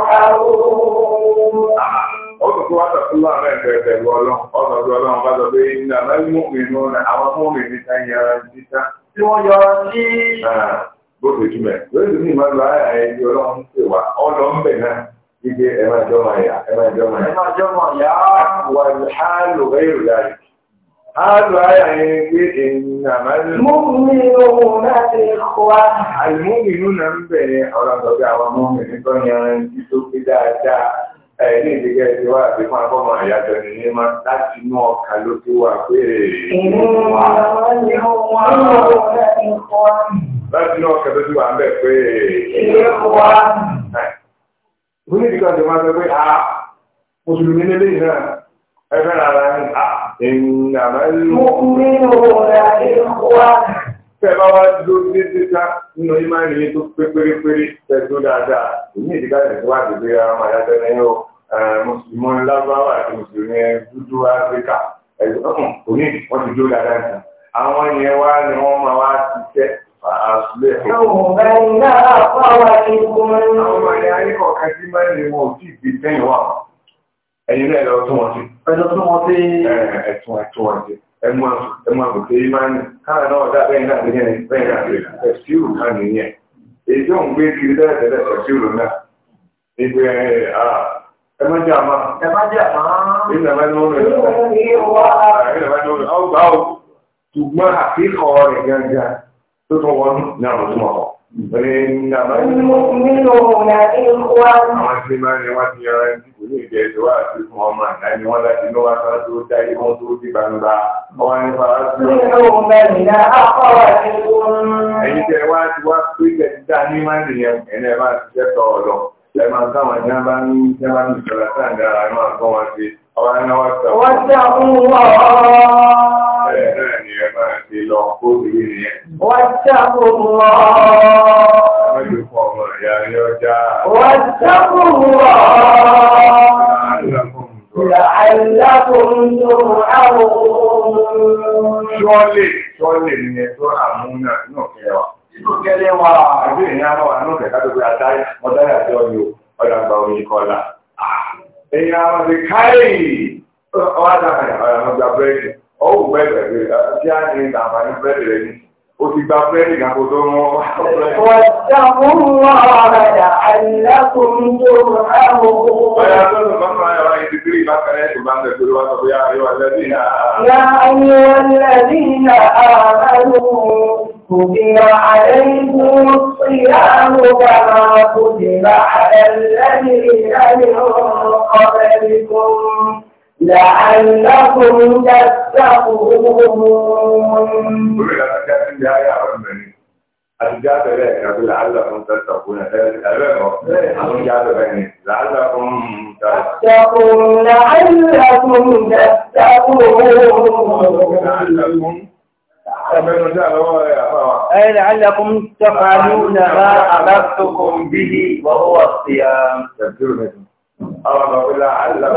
a ọ̀tọ̀tọ̀ wátàkúlọ̀ àwọn ẹ̀fẹ̀ ẹ̀bẹ̀rù ọlọ́run ọ̀tọ̀tọ̀ ọlọ́run bá sọ pé nígbà ah, máa ń mú mi nù àwọn mú mi níta yẹra ẹ̀ẹ́dì ìdíkẹ́ ti wá àti fún akọ́mọ àyájọ ní ní máa láti inú ọkà ló ti wà pé láti inú ọkà tó ti wà ń bẹ̀ pé ìwé ìdíkọ̀ ti máa sọ pé a ah, mùsùlùmí nílé yìí náà ẹgbẹ́ ara ní a ìnàmẹ́lú. mo kúrò ní òun àti ìkọ́wà tẹ bá wá dúró ní títa nínú yín máa ń rí tó pé pérépéré tẹ dáadáa èyí ìdíkà tẹ̀ tó wà ara wọn àyájọ́ lẹ́yìn o mùsùlùmí lábáwá àti mùsùlùmí dúdú áfíríkà òní wọ́n ti dúró dáadáa nìkan àwọn yẹn wá ni wọ́n máa wá ṣiṣẹ́ àṣùlẹ̀ ẹ̀yìn náà lọ tún wọn sí. ẹ̀tún wọn sí ẹmọ àbùkù yìí máa ń káà náà ọ̀dà bẹ́ẹ̀ náà ní ẹni bẹ́ẹ̀ náà rí ẹ̀sìtìrù náà nìyẹn èyí tó ń gbé kiri tẹ́lẹ̀tẹ́lẹ̀ ẹ̀sìtìrù náà nígbè ẹmọ́jà máa ẹmọ́jà máa ìlànà ẹni wọn rẹ̀ ìlànà ẹni wọn rẹ̀ ọgbà ó ṣùgbọ́n àkíkọ̀ rẹ̀ gángan tó tún wọn náà lọ́tún ọ̀kọ̀. إنما المؤمنون إخوة àwọn tí máa ní wọ́n ti yọrọ ẹni kò ní ìjẹ́ ìjọba àti fún ọmọ àná ni wọ́n láti ní wọ́n sára tó dá ìwọ́n tó di gbangba ọwọ́ ní fara sí wọn. nínú mẹ́rin náà akọ́wà ní oòrùn. ẹ̀yin tẹ wá ti wá pé ìjẹ́ ti dá ní máa nìyẹn ẹ̀nà ẹ̀ máa ti jẹ́ tọ̀ ọ̀lọ́ ẹ̀ máa táwọn ìjọba ń ìjọba ń ìjọba sáà ń dára ẹ̀ máa kọ́ wọn sí i. Ọ̀rọ̀ ẹ̀nà wọ́n tẹ̀kún wọ́n. Bẹ́ẹ̀ náà ni ẹ máa ti lọ kó ìwé nìyẹn. Wọ́n tẹ̀kún wọ́n. Mọ́jú fún ọmọ ìyá ní ọjà. Wọ́n tẹ̀kún wọ́n. Làálàkùn tó àwọn ohun. Ṣọ́lẹ̀ ṣọ́lẹ̀ ni ẹ tó àmúnà náà kẹwàá. Ìlú kẹlẹ́ wa. Àbí ìyá náà wà nínú kẹ̀kẹ́ tó gbé adáyà, ọdáyà tí ọ èèyàn àwọn ti káyì ọwọ́ àdàmà àwọn gba búrẹ́dì ọwọ́ búrẹ́dì rẹ̀ tí a rẹ̀ ní o ti gba búrẹ́dì kan tó mọ́ Ọ̀yà كتب عليكم الصيام كما كتب على الذين من قبلكم لعلكم تتقون. أجاب يعني ذلك لعلكم تتقون لعلكم تتقون لعلكم تتقون لعلكم أين علكم تفعلون ما أمرتكم به وهو الصيام Ọ̀rọ̀ làálà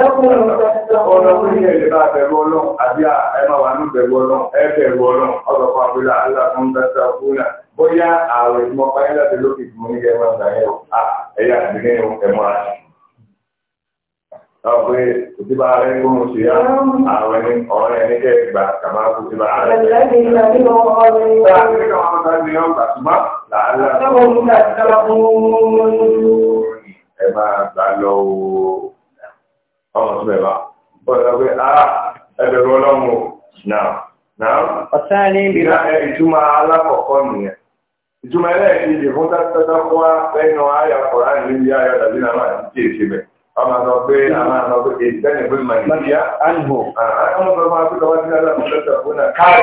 ọlọ́run ní èdè bá bẹ̀rù ọlọ́run àbí ẹmà wà ní bẹ̀rù ọlọ́run ẹbẹ̀rù ọlọ́run ọlọ́pàá bí làálà fún dáta fúnà bóyá ààrẹ ìmọ̀páyé láti lókè fún ní ẹmà ìgbà yẹn ẹ̀yà ìgbìyànjú ẹmọ́ àti ọ̀pẹ́ òtíbà rẹ̀ kó mú sí àwọn ẹni ọ̀rẹ́ ẹni kẹ́ gbà kàmá kó tíbà rẹ̀. Ẹ̀lẹ́gbẹ̀ẹ́ ìlànà ọ̀rẹ́ ẹni. Ṣé àkíkà wọn máa ń gbìyànjú àtúmọ̀ làálà? Ṣé wọn mú àtúmọ̀ fún ẹ máa gbà lọ ooo. Ọmọ tó bẹ̀ bá. Bọ́lá sọ pé a ah, ẹbẹ̀rù ọlọ́run o. Náà náà. Ọ̀sán ni bí. Ìtumọ̀ alákọ̀ọ́kọ́ nìyẹn. Ìtumọ̀ ẹlẹ́ẹ̀kejì fún tátátá fún wa lẹ́nu ayà kọ̀ọ̀rán níbi ayà tàbí náà máa ti tẹ̀ ọmọ àná pé àwọn àná pé ìgbẹ́ni pé màdìyà ánìbò àwọn ọmọ ọmọ àti kọ́wá sí aláàbò lọ́sẹ̀ fún náà káì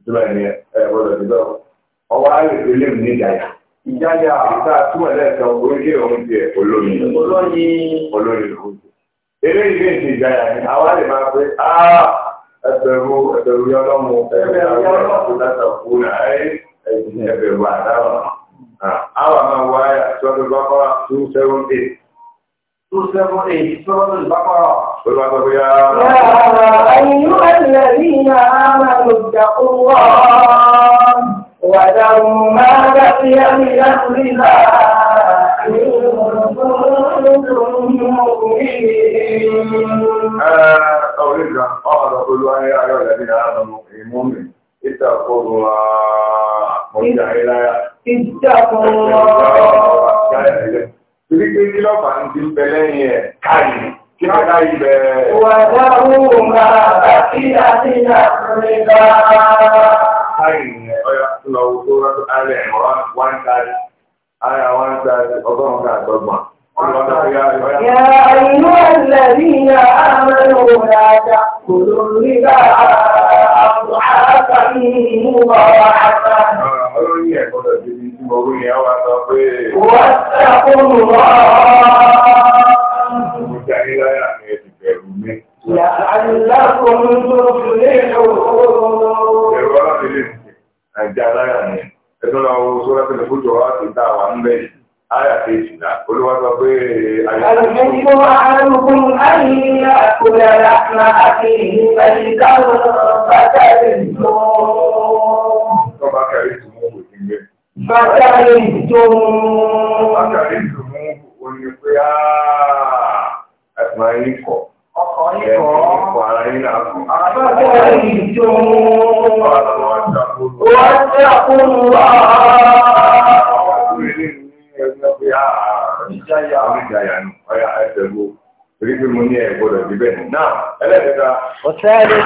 ìjọba ẹni ẹ gbọ́dọ̀ níbẹ̀ ọwọ́ á lè fi lé mi ní ìdáyà ìjáyà àbúta túmọ̀ lẹ́ẹ̀kan orílẹ̀ òun tiẹ̀ olómi olómi olómi lòun tiẹ̀ eléyìí lè ti ìjáyà ni àwa lè máa pé ẹbẹ̀rù ẹbẹ̀rù yọlọ́mù ẹbẹ̀rù yọlọ́mù àbúta tàkùn náà ẹbẹ̀rù àdáwà àwọn àmà wáyà twenty one two seven eight. يا أيها الذين آمنوا اتقوا الله وذروا ما بقي من الربا إن كنتم مؤمنين. أولئك قال أولئك يا أيها الذين آمنوا المؤمن اتقوا الله مجاهدا اتقوا الله torí pé kí lọ́pàá ń ti bẹ lẹ́yìn ẹ̀ káyì kí ló dá ibẹ̀. wàdà wù má àti àti àfúnibà. káyì ni ọ̀yà tó lọ wo tó rọ́tò alẹ́ ọ̀rọ̀ one thirty ara one thirty ọgọ́rùn-ún ká àgbọ̀gbọ̀n. يا أيها الذين آمنوا لا تأكلوا الربا فإنه رحمة واتقوا الله لعلكم تفلحون. Àyà kejì náà, olúwa sọ pé àyàkó àrùkún àyíyá àkúrẹ́ àkàrà àti ìgbàlíkà bàtàrí tó. Tọ́ba kàrí tó mú kò sí gbé. Bàtàrí tó. Bàtàrí tó mú kò ní pé ẹ̀sùn ayé kọ̀. Ọkọ̀ yìí kọ̀. Ẹ̀sùn ara yín pé àà ah, oníjàyà nù ọ̀yà ẹ̀sẹ̀gbò torí pé mo ní ẹ̀ gbọ́dọ̀ síbẹ̀ náà ẹlẹ́dẹ̀ẹ́ta. ọ̀sẹ́ẹ̀dẹ̀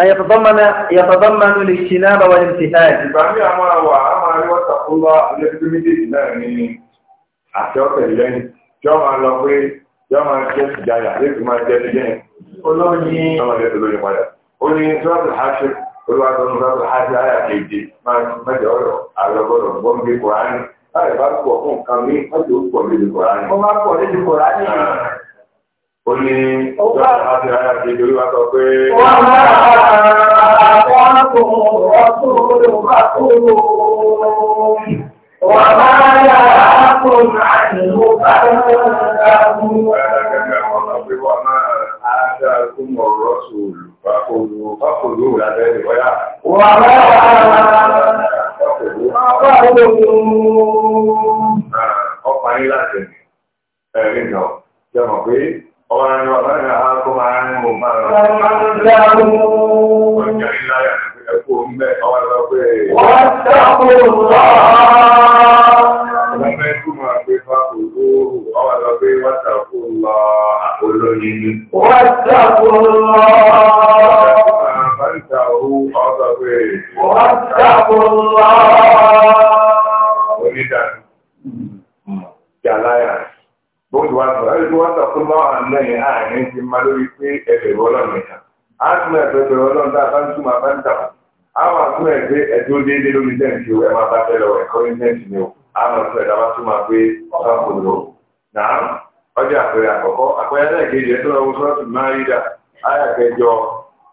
ayatọ̀dọ́mọ́nà ìyàtọ̀dọ́mọ́nà lè ṣì náà bàwọ́ ní ti náà. ìgbà mi àwọn àwà á máa rí wọ́tà fún wa lẹ́gbẹ́ méjèèjì náà ní àti ọ̀sẹ̀ lẹ́yìn tí wọ́n máa lọ pé tí wọ́n máa jẹ́ ìjàyà lẹ́sìn máa jẹ́ ti jẹ́yìn. olóyin. ọmọdé tó lóyún padà. ó ní sọ́ọ̀tù haṣẹ́ olùwàdàn sọ́ọ̀tù haṣẹ́ àyà kéde máa jẹ́ ọ̀rọ̀ àlọ́gbọ́dọ̀ gbọ́ngbé kùránì Báyọ̀ bá pọ̀ fún nǹkan mi, wọ́n ti pọ̀ lédè Kọ̀rání. Wọ́n máa pọ̀ lédè Kọ̀rání. Ó ní ìjọba àti ara ti dorí wa sọ pé. Wọ́n máa àwọn ọkùnrin ọ̀tún olùkọ́ kúrò. Wọ́n máa yà ákùnrin àìlú bá Wàhálà pẹ̀lú ọkùnrin láti ẹ̀rí nà jẹmọ̀ pé ọ̀rọ̀ ọ̀rọ̀ àkọ́ máa ń mú máa rọrùn ọjọ́ ìlàyà ẹ̀kú mẹ́ ọwọ́ pé wọ́n tẹ́kù lọ́wọ́ ọmọ ẹ̀kú máa pé fáfòrò ọwọ́ lọ pé wọ́n tẹ́kù lọ àpòlóyìn wọ́n tẹ́kù lọ́wọ́ ọ̀sọ̀gbẹ̀ wọ́n dábò ọjọ́ àpẹẹrẹ àkọ́kọ́ àpẹẹrẹ náà kejì tó lọ́wọ́ sọ́ọ̀tù máa rí dà áyà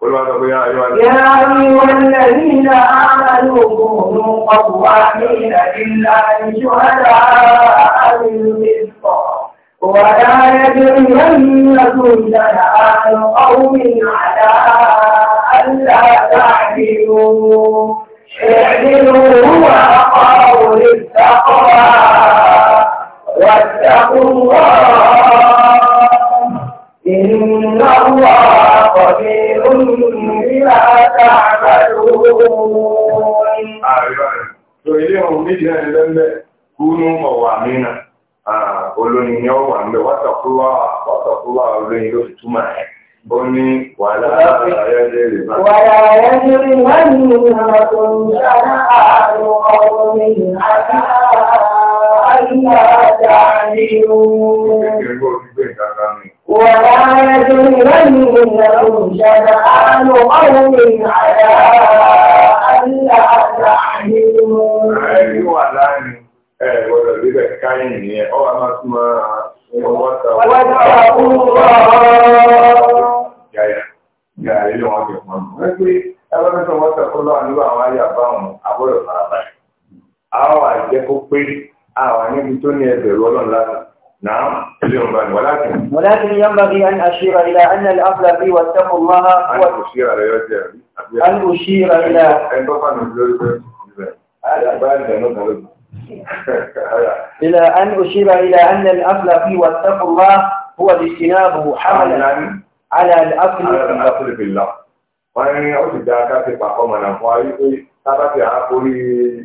يا أيها الذين آمنوا كونوا قوامين لله شهداء بالقسط ولا يجرمنكم شنآن قوم على ألا تعدلوا اعدلوا هو أقرب للتقوى واتقوا الله خبير بما تعملون Ilé ohun méjì náà lẹ́lẹ́ kúrú mọ̀ wà nínà, olóyin ni ó wà ń bẹ, wátàkúwà wátàkúwà olóyin ló fi túmọ̀ ẹ̀. Ó ní wà láàárín ayẹ́jẹ́ rẹ̀ máa. Wà láàárín ولا يجرمنهم شنآن قوم على ألا تعلموا. أيوة الآن gbọdọ̀ bíbẹ̀ káyìn ní ẹ ọwà máa tún máa ọwọ́ tàwọn yàyà yàyà ilé wọn jẹ fún ọmọ wọn pé ẹlọ́dún tó wọ́n tẹ̀kọ́ lọ́wọ́ nígbà àwọn ayàbá wọn àbọ̀dọ̀ farabalẹ̀ àwọn àjẹkó pé àwọn níbi tó ní ẹbẹ̀rù ọlọ́run láti náà ولكن ولكن ينبغي أن أشير إلى أن الأصل في واتقوا الله هو أن أشير إلى أن أشير إلى إلى أن أشير إلى أن الأصل في واتقوا الله هو الاجتناب حملا على الأصل على الأصل في الله وأن يعود ó ti dá káfí pàpọ̀ mọ̀nà fún ayé pé tábàtì àkórí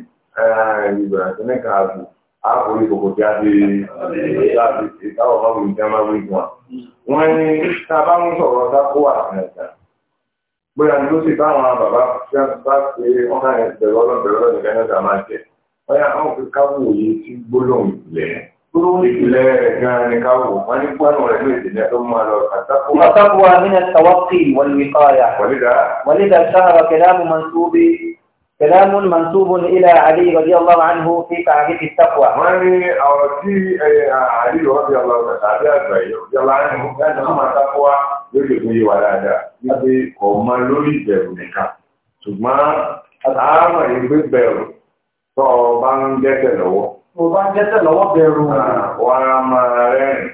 àkórí kòkò tí a ti láti ìtawọ̀ bá wù ìjọba wí fún wa. Wọ́n ní tá a bá ń sọ̀rọ̀ sákó àtàyàn ìjà. Bóyá ní ló sì táwọn bàbá tí a bá pé wọ́n ká yẹn bẹ̀rẹ̀ ọlọ́ bẹ̀rẹ̀ ọlọ́ nìkan yóò dá máa jẹ. Wọ́n yà áwọn fi káwò yìí sí gbólóhùn ìpìlẹ̀. Gbólóhùn ìpìlẹ̀ rẹ̀ gan-an ni káwò. Wọ́n ní pọ́nù rẹ̀ lóye ìdílé tó máa lọ kàtàkùn. كلام منسوب إلى علي رضي الله عنه في تعريف التقوى. وأني أرتي علي رضي الله تعالى رضي الله عنه كان هما تقوى يجب ولا دا أبي هما لولي بيرنك ثم أتعامى يبي بيرن فأبان جت لو. أبان جت لو بيرن. وأما رين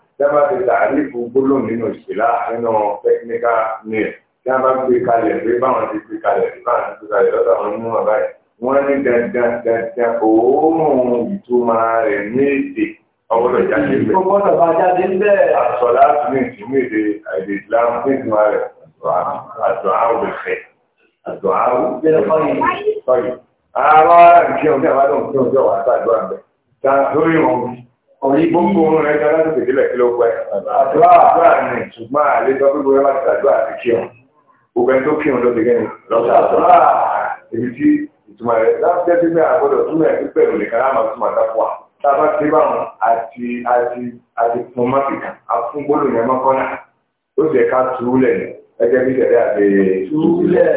dábàá ti tààlífù gbólóhùn nínú ìṣìlá nínú tẹkíníkà nílẹ̀ tí a bá gbé kalẹ̀ pé báwọn ti gbé kalẹ̀ pé báwọn ti gbé kalẹ̀ lọ́dọ̀ àwọn onímọ̀ báyìí wọ́n ní dandan dandan òórùn ìtumọ̀ rẹ̀ ní èdè ọgbọ́dọ̀ jáde ń bẹ̀. ọgbọ́dọ̀ bá jáde ń bẹ̀. àsọlá ní ìtumọ̀ èdè èdè Islam ní ìtumọ̀ rẹ̀ àjọ àwọ̀ ìfẹ́ àjọ àwọ̀ ìfẹ́ sọ́yì. àwọn ará nìkí ọjọ́ àbádọ́ nìkí ọjọ́ wà á Orí gbogbo ohun rẹ̀ dára tó tètè lẹ̀kí ló pẹ́. Àdúrà àdúrà ni ṣùgbọ́n àlè sọ pé bóyá láti àdúrà àti kí ọ̀. Gbogbo ẹni tó kí òun ló ti gẹ́ni. Lọ́sà àdúrà èyí tí ìtumọ̀ rẹ̀ láti jẹ́ pípẹ́ àgbọ̀dọ̀ túmọ̀ ẹ̀ pípẹ́ ìròyìn kan láàmú àtúmọ̀ àtàkùn wa. Tá a bá ti báwọn àti àti àti fún mákìkà àfún gbólóhùn yẹn mọ́kànlá ó sì ká túlẹ̀ ni ẹgẹ́ bí tẹ̀lé àti túlẹ̀.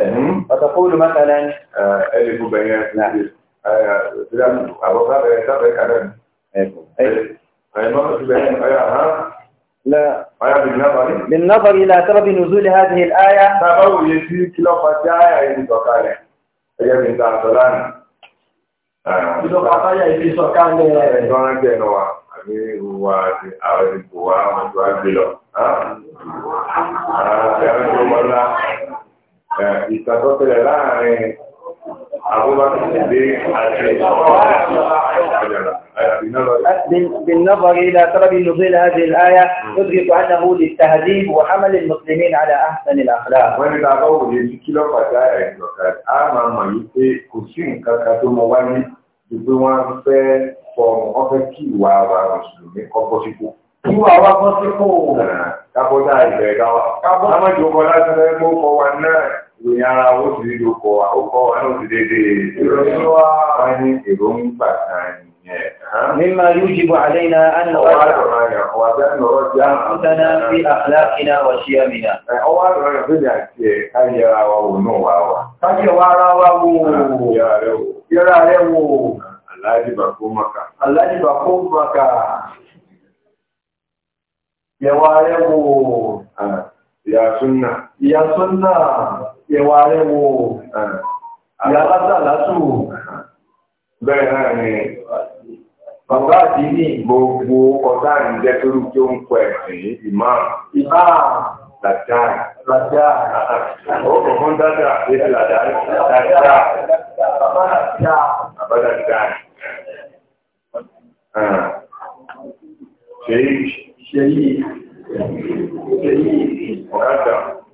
Ọ̀tọ̀kọ́wọ́lù mọ́kànlá ni. Ẹ g na atha aịghị ahị a بالنظر إلى سبب نزول هذه الآية يدرك أنه للتهذيب وحمل المسلمين على أحسن الأخلاق. وأنا أقول لك كيلو فتاة أما ما يتي كوشين كاتو مواني يقول وان في أفكي وعوا مسلمين كوشيكو. Ibu awa kọ́ sí kò. Kábọ́dá ìbẹ̀rẹ̀ káwa. Kábọ́dá ìjọba láti lẹ́gbọ́n kọ wa náà. ìròyìn ara ó ti rí lóko àkókò ẹnu ti dédé ìròyìn wa wá ní èròǹgbà kan nìyẹn. مما يوجب علينا أن أنفسنا في أخلاقنا وشيمنا. Aláàdìbà kó maka. Yẹwà rẹ̀ wò. Ah, Ìyà súnnà. Ìyà súnnà. ìwà rẹ̀ wò ìyá lásà lásù bẹ́ẹ̀ náà ni bàbá àti ní gbogbo ọ̀tá ìjẹ́ torí tí ó ń pọ̀ ẹ̀sìn ìmáà ìmáà làjáà làjáà ó kọ̀ọ̀kan dáadáa létí làjáà làjáà bàbá làjáà bàbá làjáà ah. ṣèyí ṣèyí ṣèyí ọ̀gá dáa.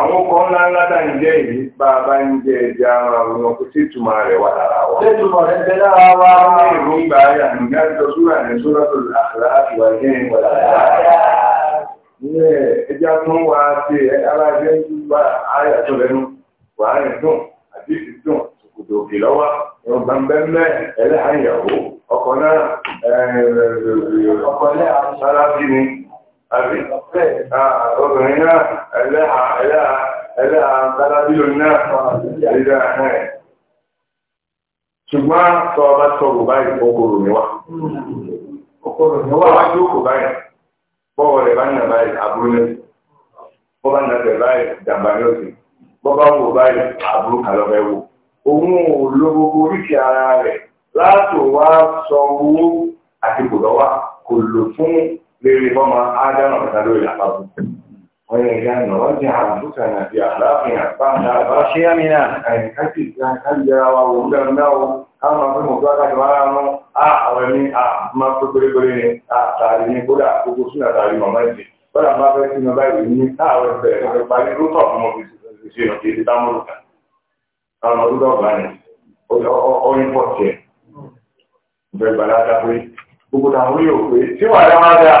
àwọn kan ńlá ńlá dáni jẹ́ ìlú bá bá ń jẹ ẹja ara ọ̀run tí ìtumọ̀ rẹ̀ wà lára wa. tí ìtumọ̀ rẹ̀ bẹ lára wa. ní nígbà tó ní tó jẹ́ ìwà lára. wà á rìn dùn àbí obìnrin náà ẹlẹ́ha ẹlẹ́ha ẹlẹ́ha gálábílò náà ìdá ẹ̀ ṣùgbọ́n tó ọba tó kò báyìí okòrò níwá okòrò níwá wá tí ó kò báyìí bọ́ọ̀ rẹ̀ bá ń nà báyìí àbúrú lẹ́sìn bọ́ bá ń nà bẹ̀ báyìí jàǹbá ní òsì bọ́ bá wò báyìí àbúrú kà lọ́bẹ̀ wò òun ò lo gbogbo oríṣi ara rẹ̀ láti wá sọ owó àti kò lọ́wà kò lò fún lérí bọ́mọ ádámà kàtà lórí àpapọ̀. wọ́n yẹ ìyá nà wọ́n jẹ́ àwọn àbúkà náà bí àlàáfíà bá ń dára bá ṣe àmìnà àìkájì kájẹra wa wò gbẹ̀rù náà wò káwọn máa fún mọ̀tò àkàtà wọn ránú á àwọn ẹni à máa tó gbérégbéré ni a tààrí ni kódà gbogbo súnà tààrí màmá ẹ̀jẹ̀ kódà máa fẹ́ sínú báyìí ní káàwé bẹ̀rẹ̀ fẹ́ parí lótọ̀ fún mọ̀ fi ṣe nà kí ẹ ti dá mọ́lù kan káwọn ọdún dọ̀gba ni ọyún pọ̀ tiẹ̀ ìfẹ́ gbàdá dá pé gbogbo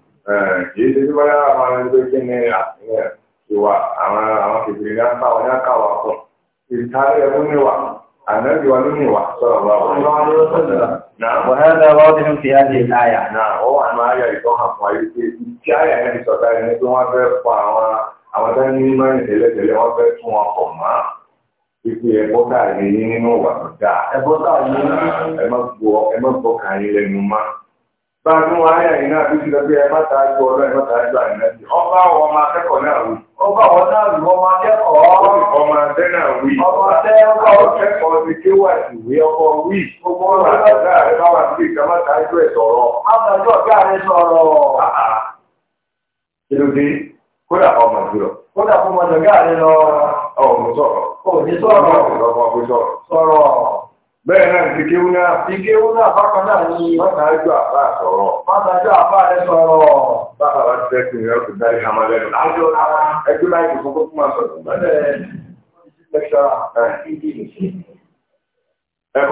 kì í ṣe tí bọ́lá àwọn ẹni tó kí ni ìwà àwọn àwọn kìkìrì ní apá wọn ní apá wa pọ̀ ìtàlẹ̀ ẹ̀kún níwà ànábì wa nínú ìwà sọ̀rọ̀ wa wọn. وهذا واضح في هذه الآية. نعم هو أن آية يتوحى فايت في آية يعني سؤال يعني ثم àwọn tó ní mímọ́ ìtẹ́lẹ̀tẹ́lẹ̀ wọ́n fẹ́ tún wọn pọ̀ mọ́ pípé ẹ̀kọ́ káàrin nínú ìwà tó dáa. ẹ̀kọ́ káàrin nínú ìwà tó dáa. ẹ má gbọ́ ẹ má gbọ́ káàrin lẹ́nu máa. Báàdún ayà iná àbíjú lọ́gbé ẹ máta àjọ ọ̀rọ̀ ẹ máta àjọ àìlẹ́sì. Ọba àwọn ọmọ akẹ́kọ̀ọ́ náà wí. Ọba àwọn náà lù ọmọ akẹ́kọ̀ọ́. Ọmọ adé náà wí. Ọmọ adé ọkọ̀ akẹ́kọ̀ọ́ ti ké wà ìwé wí. bá wà sí Kí ló dé? Kódà ọmọ bẹ́ẹ̀ náà ti kéwú náà ìkéwú náà bákan náà ní mọ́tàájú àbá sọ̀rọ̀ mọ́tàájú àbá rẹ sọ̀rọ̀ bá ti tẹ́kùn ìrẹ́ kò dárí hama lẹ́nu àjọ ẹgbẹ́ láì kò kókó fún ẹ̀kọ́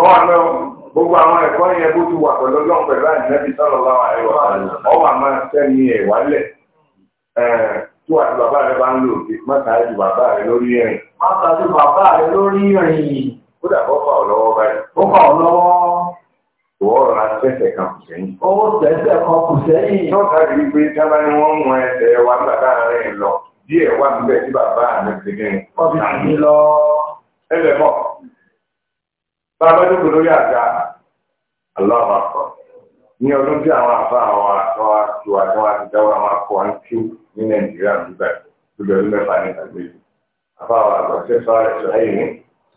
wa náà gbogbo àwọn ẹ̀kọ́ yẹn bó ti wà pẹ̀lú ọlọ́run pẹ̀lú sọ̀rọ̀ láwọn àìwọ̀ kódà bó fà ọ lọ́wọ́ báyìí. ó fà ọ lọ́wọ́. Wọ́n rọra tẹ́sẹ̀ kan kù sẹ́yìn. Owó tẹ́sẹ̀ kan kù sẹ́yìn. Náà sáré wípé sábà ni wọ́n mú ẹsẹ̀ wa nígbà tá à ń rìn lọ. Díẹ̀ wà níbẹ̀ tí bàbá mi ti ní. Ọbí mi lọ. Ẹ lẹ̀ mọ̀. Bàbá tó kò lórí àga. Aláàbà kọ̀. Ní ọdún tí àwọn àfa àwọn àtọ́ àti àtọ́ àti dáwọ́ àwọn akọ ń tú ní Nàìjíríà nígbà tó bẹ̀rù mẹ́fà ní ìgbàgbé. Àfa àwọn àgbà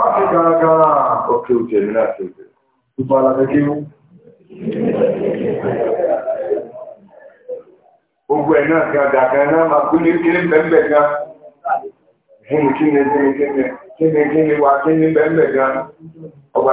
Pàtí gàràgàrà òkè òkè mìíràn tó jẹ́. Gbogbo alàbẹ̀ kí ó. Gbogbo ẹ̀ náà gàgà náà máa kú ní kí ní bẹ́ẹ̀ gan. Kíni kíni kíni kíni kíni kíni wà kíni bẹ́ẹ̀ gan. Ọmọ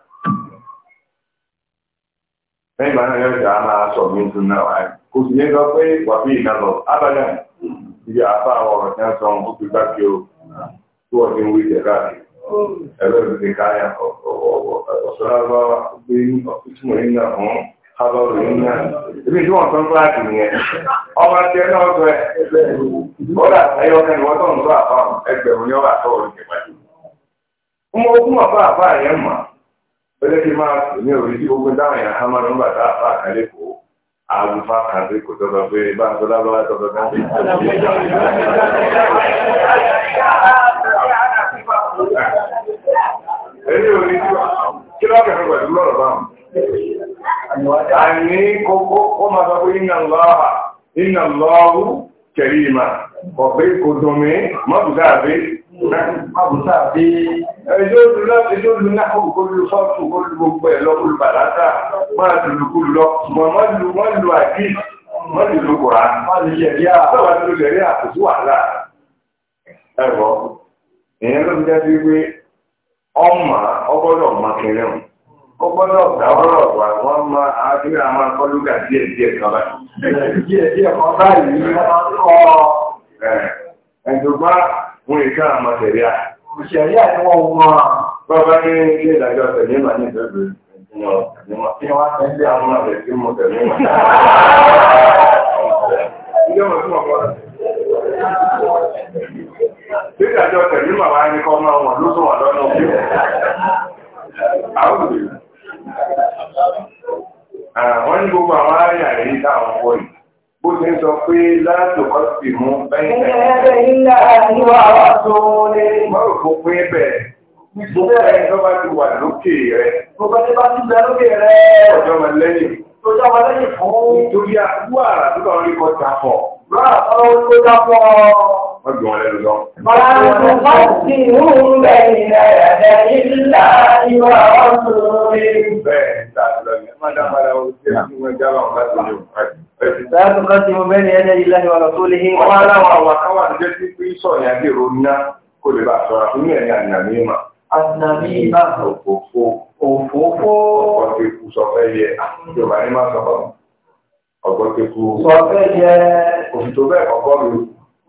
lẹ́yìn ìgbà náà yóò ṣe àmà aṣọ mi tún náà wáyé kò sì yé sọ pé wà fí ìdánlọ abájá ibi àfa ọ̀rọ̀ tí wọ́n sọ ó ti gbá kí o tí wọ́n ti ń wí jẹ̀ká ẹ̀rọ ìdíje káyà ọ̀sọ̀rọ̀ gbé ìtumọ̀ yìí náà fún abọ́rò yìí náà ibi tí wọ́n sọ ń kíláàsì nìyẹn ọba tí ẹ náà sọ ẹ bọ́dà ẹyọkẹ́ ni wọ́n tó ń sọ àfa ẹgbẹ̀rún ní ọ ọjọ́ kí máa ní òrí tí gbogbo dáhùn yà á máa nígbà tá a fà kálẹ̀ kó àlùfà kàdé kò tọ́jọ́ pé bá a tọ́lá lọ́wọ́ tọ́jọ́ náà. ẹni òrí tí kí ló kẹfẹ́ pẹ̀lú lọ́rọ̀ bá wọn. àní kókó ó máa sọ pé iná lọ́wọ́ iná lọ́wọ́ kẹrì mà ọ̀pẹ́ kò dùn mí mọ́tò dáàbí. Màbùsà bí ẹjọ́ ìlú náà kò lù sọ́ọ̀tù kò lù gbogbo ẹ̀ lọ kúlù bàlátà máa lùlù kúlù lọ. Mọ̀ mọ́ lù mọ́ lù àjí, mọ́ lù lù kòrá, mọ́ lù yẹ̀rí àtọ́wà lù lẹ̀rí àtòsí wàhálà. Ẹ̀rọ, ìyẹn ló ń jẹ́ sí pé ọmọ ọgbọ́dọ̀ mọ́kẹrẹ wọn. Ọgbọ́dọ̀ dáwọ́rọ̀ wà wọ́n máa àádúrà àwọn akọ́lùkà díẹ̀ díẹ̀ kan báyìí. Díẹ̀ díẹ̀ kan báyìí wọ́n máa ń kọ́ ẹ̀ wọn ìka àmọ́ tẹ̀lé à. òṣèré àìwọ̀ wọn. bàbá ní ilé ní Ilé ìdájọ́ tẹ̀lé màmá ní kọ́ máa Àwọn òbí. àwọn arìnrìn àríyí táwọn wọ̀nyí bó ti ń sọ pé láàtò kan sì mú bẹ́yìn bẹ́yìn Mo fẹ́ ẹjọ́ bá ti wà lókè rẹ̀. Mo fẹ́ ẹjọ́ bá ti wà lókè rẹ̀. Ọjọ́ ma lẹ́yìn. Ọjọ́ ma lẹ́yìn fún. Nítorí àdúrà tó kàn rí kọjá pọ̀. Lọ́rà fọ́lọ́wọ́ tó dá pọ̀ mọ́jú wọn lẹ́nu lọ. Láàrín kan tí mo bẹ́ ni ẹ̀dẹ́ ilẹ̀ ìwà lọ́tọ́ lè hìn wọ́n aláwọ̀ àwọn akáwà jẹ́ sí pé sọ̀rọ̀ ìyá bí ìrònú náà kò lè bá sọ̀rọ̀ fún ní ẹ̀yà ìyàmí mà. Ànàmí máa òfófó. Òfófó. Ọ̀pọ̀ ti kú sọ̀fẹ́ yẹ. Yorùbá ní máa sọ̀rọ̀. Ọ̀pọ̀ ti kú. Sọ̀fẹ́ yẹ. Òfin tó bẹ́ẹ̀ kọ̀ọ̀kọ́ mi.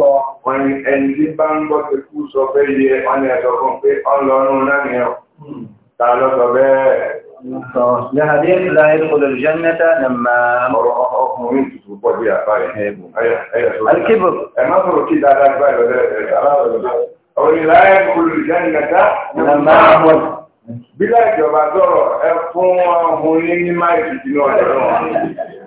kọ wọn ẹni tí bá ń gbọ́ ti kú sọ pé yẹ wọn ẹ̀sọ̀ fún pé ọlọ́run náà ni ọ ta lọ sọ bẹ́ẹ̀. لهذه لا يدخل الجنة لما الكبر لا يدخل الجنة لما أهوز بلا جواب ẹ fún ọmọ orin ní máìkì tí náà jẹ́ wọn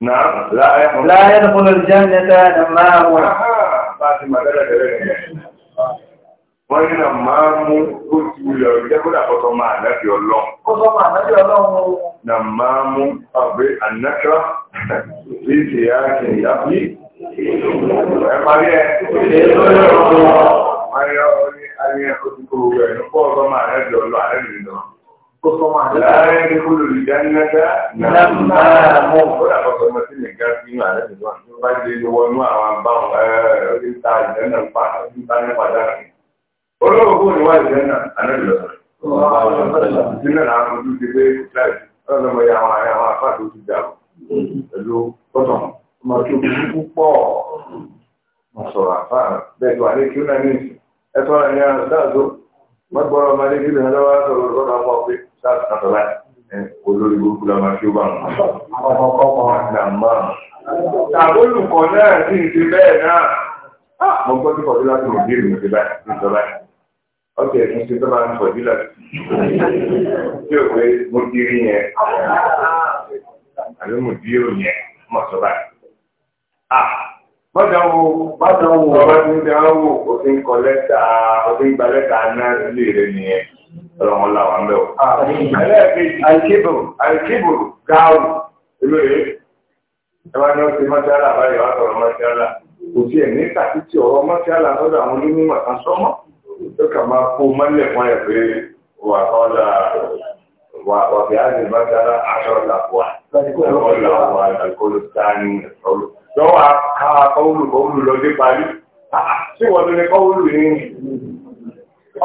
نعم لا, لا يدخل الجنة نمام wọ́n ní náà máa mú ojú ilẹ̀ òjẹ́ kó dàpọ̀tọ̀ máa náàbí ọlọ́run. ó sọ máa náàbí ọlọ́run. na máa mú ọ̀gbẹ́ ànákà bí i ṣe yá kì í yábí. ẹ parí ẹ. èso yóò rọrùn. ayọ̀ orí ayẹyẹ ojú kò wẹ̀ ní kó ọgbọ́n máa náàbí ọlọ́run àrẹ́bìnrin náà kó sọ wọn àdúrà. láàárín ní kó lòlù ìdánilẹ́gbẹ́ náà máa mú ọ̀rọ̀ àkọsọ ọmọ tí nìga sí inú àlẹ́ nìgbà tó bá dé wọnú àwọn abáwọn ẹ̀ẹ́dì ta ìdáná pa ọdún tá ní padànù. olówó kó ní wá ìdáná àlẹ́ ìlọsọ. ìdílé náà mo tún ti gbé láì ọlọ́mọ ya àwọn àyà àwọn àfáà tó ti dà pẹ̀lú tọ́tọ̀ ọmọ tó burú púpọ̀ mo sọ̀rọ̀ àfáà bẹ́ẹ̀ tó wà kí ó náà ní ni sọ̀rọ̀ lọ́dọ̀ ọmọ ọ̀gbìn sáàtì náà tọ́lá olórí burúkú la máa fi ó bá wọn àgbà máa tàbí olùkọ́ náà sì ń ṣe bẹ́ẹ̀ náà ah! mo gbọ́ tí kọ̀ọ̀dúnlá tó ń bèèrè níbi báyìí ní ìjọba yìí ọ̀sẹ̀ ẹ̀sìn ṣe tó máa ń kọ̀ọ̀dúnlá tí ò pé mo ti rí yẹn àbí mo di èrò yẹn mọ̀ sọ Bọ́dà wo bọ́dà wo ọba tí ń dáwọ́ òfin kọ lẹ́tà òfin gba lẹ́tà náà sílé rẹ̀ nìyẹn ọlọ́run làwà ń bẹ̀ wọ̀. ẹlẹ́ẹ̀kejì alikébùrù alikébùrù gáàrù olóye ẹ wá ní ọ̀sẹ̀ mọ́tíálà báyìí wá sọ̀rọ̀ mọ́tíálà kò sí ẹ̀ ní kàtìtì ọ̀rọ̀ mọ́tíálà sọ́dọ̀ àwọn onímọ̀ kan sọ́mọ́ tó kà máa kó mọ́lẹ̀ fún ẹ̀ pé wà ọ̀la wà bí àti mọ́tíálà aṣọ làbọ̀ ọ̀la wà àlùkòlù sáni ọ̀lù lọ́wọ́ ká kọ́wùlù kọ́wùlù lọ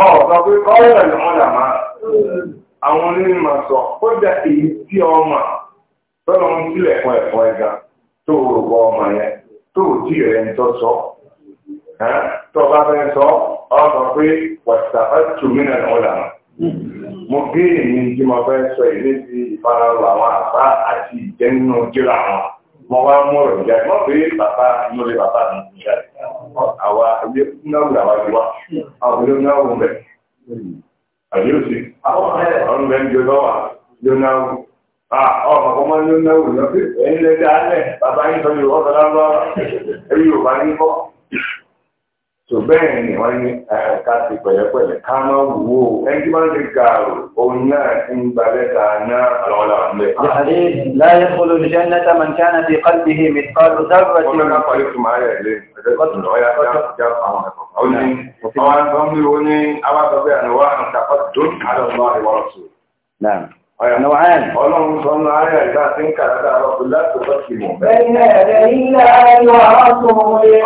ọ̀sọ̀ pé kọ́lẹ̀ lọ́nà máa àwọn onímọ̀ sọ ó jẹ́ èyí tí ọmọ tọ́lọ ń sílẹ̀ fún ẹ̀fọ́ ẹ̀gá tó rògbọ ọmọ yẹn tó tí rẹ̀ ń tọ́ sọ tó bá fẹ́ sọ ọ̀sọ̀ pé wàtàfà tùmínà lọ́nà máa mo gé èyí tí mo fẹ́ sọ ìlédìí ìfarahàn àwọn àbá àti ìjẹ́nínú jíra wọn mo wá mú ọ̀rọ̀ jáde wọ́n pè é bàbá inú ilé bàbá mi ti jáde àwa ilé náwó làwa ti wá àwọn ilé náwó ń bẹ àbí ó sì ọ̀run bẹ́ẹ̀ ń jẹ lọ́wọ́ ilé náwó ọmọ ọmọ ilé náwó lọ́pẹ́ ẹ̀yin lẹ́dá alẹ́ bàbá yín sọ tó bẹ́ẹ̀ ni wọ́n ní ká ti pẹ̀lẹ́pẹ̀lẹ́ ká má wò ó ẹni tí wọ́n ti ga òun náà ń gba lẹ́ta náà àwọn làwọn ń bẹ̀. yàrá láyé kolo ní jẹ́nẹ́ tá máa ń kíá náà ti kọ́ bí i mìtọ́lù dábàá tí. wọ́n bẹ́ẹ̀ náà parí tùmọ̀ ayẹ̀ lé ọ̀dọ́ ọ̀yà já àwọn ẹ̀kọ́. ó ní àwọn àwọn mi ò ní awàtọ̀ bẹ́ẹ̀ ni wọ́n á tàkọ́ tó ní àlọ́ نوعان قالوا صلى عليه لا تنكر على رب الله تقسمه بين يدي الله ورسوله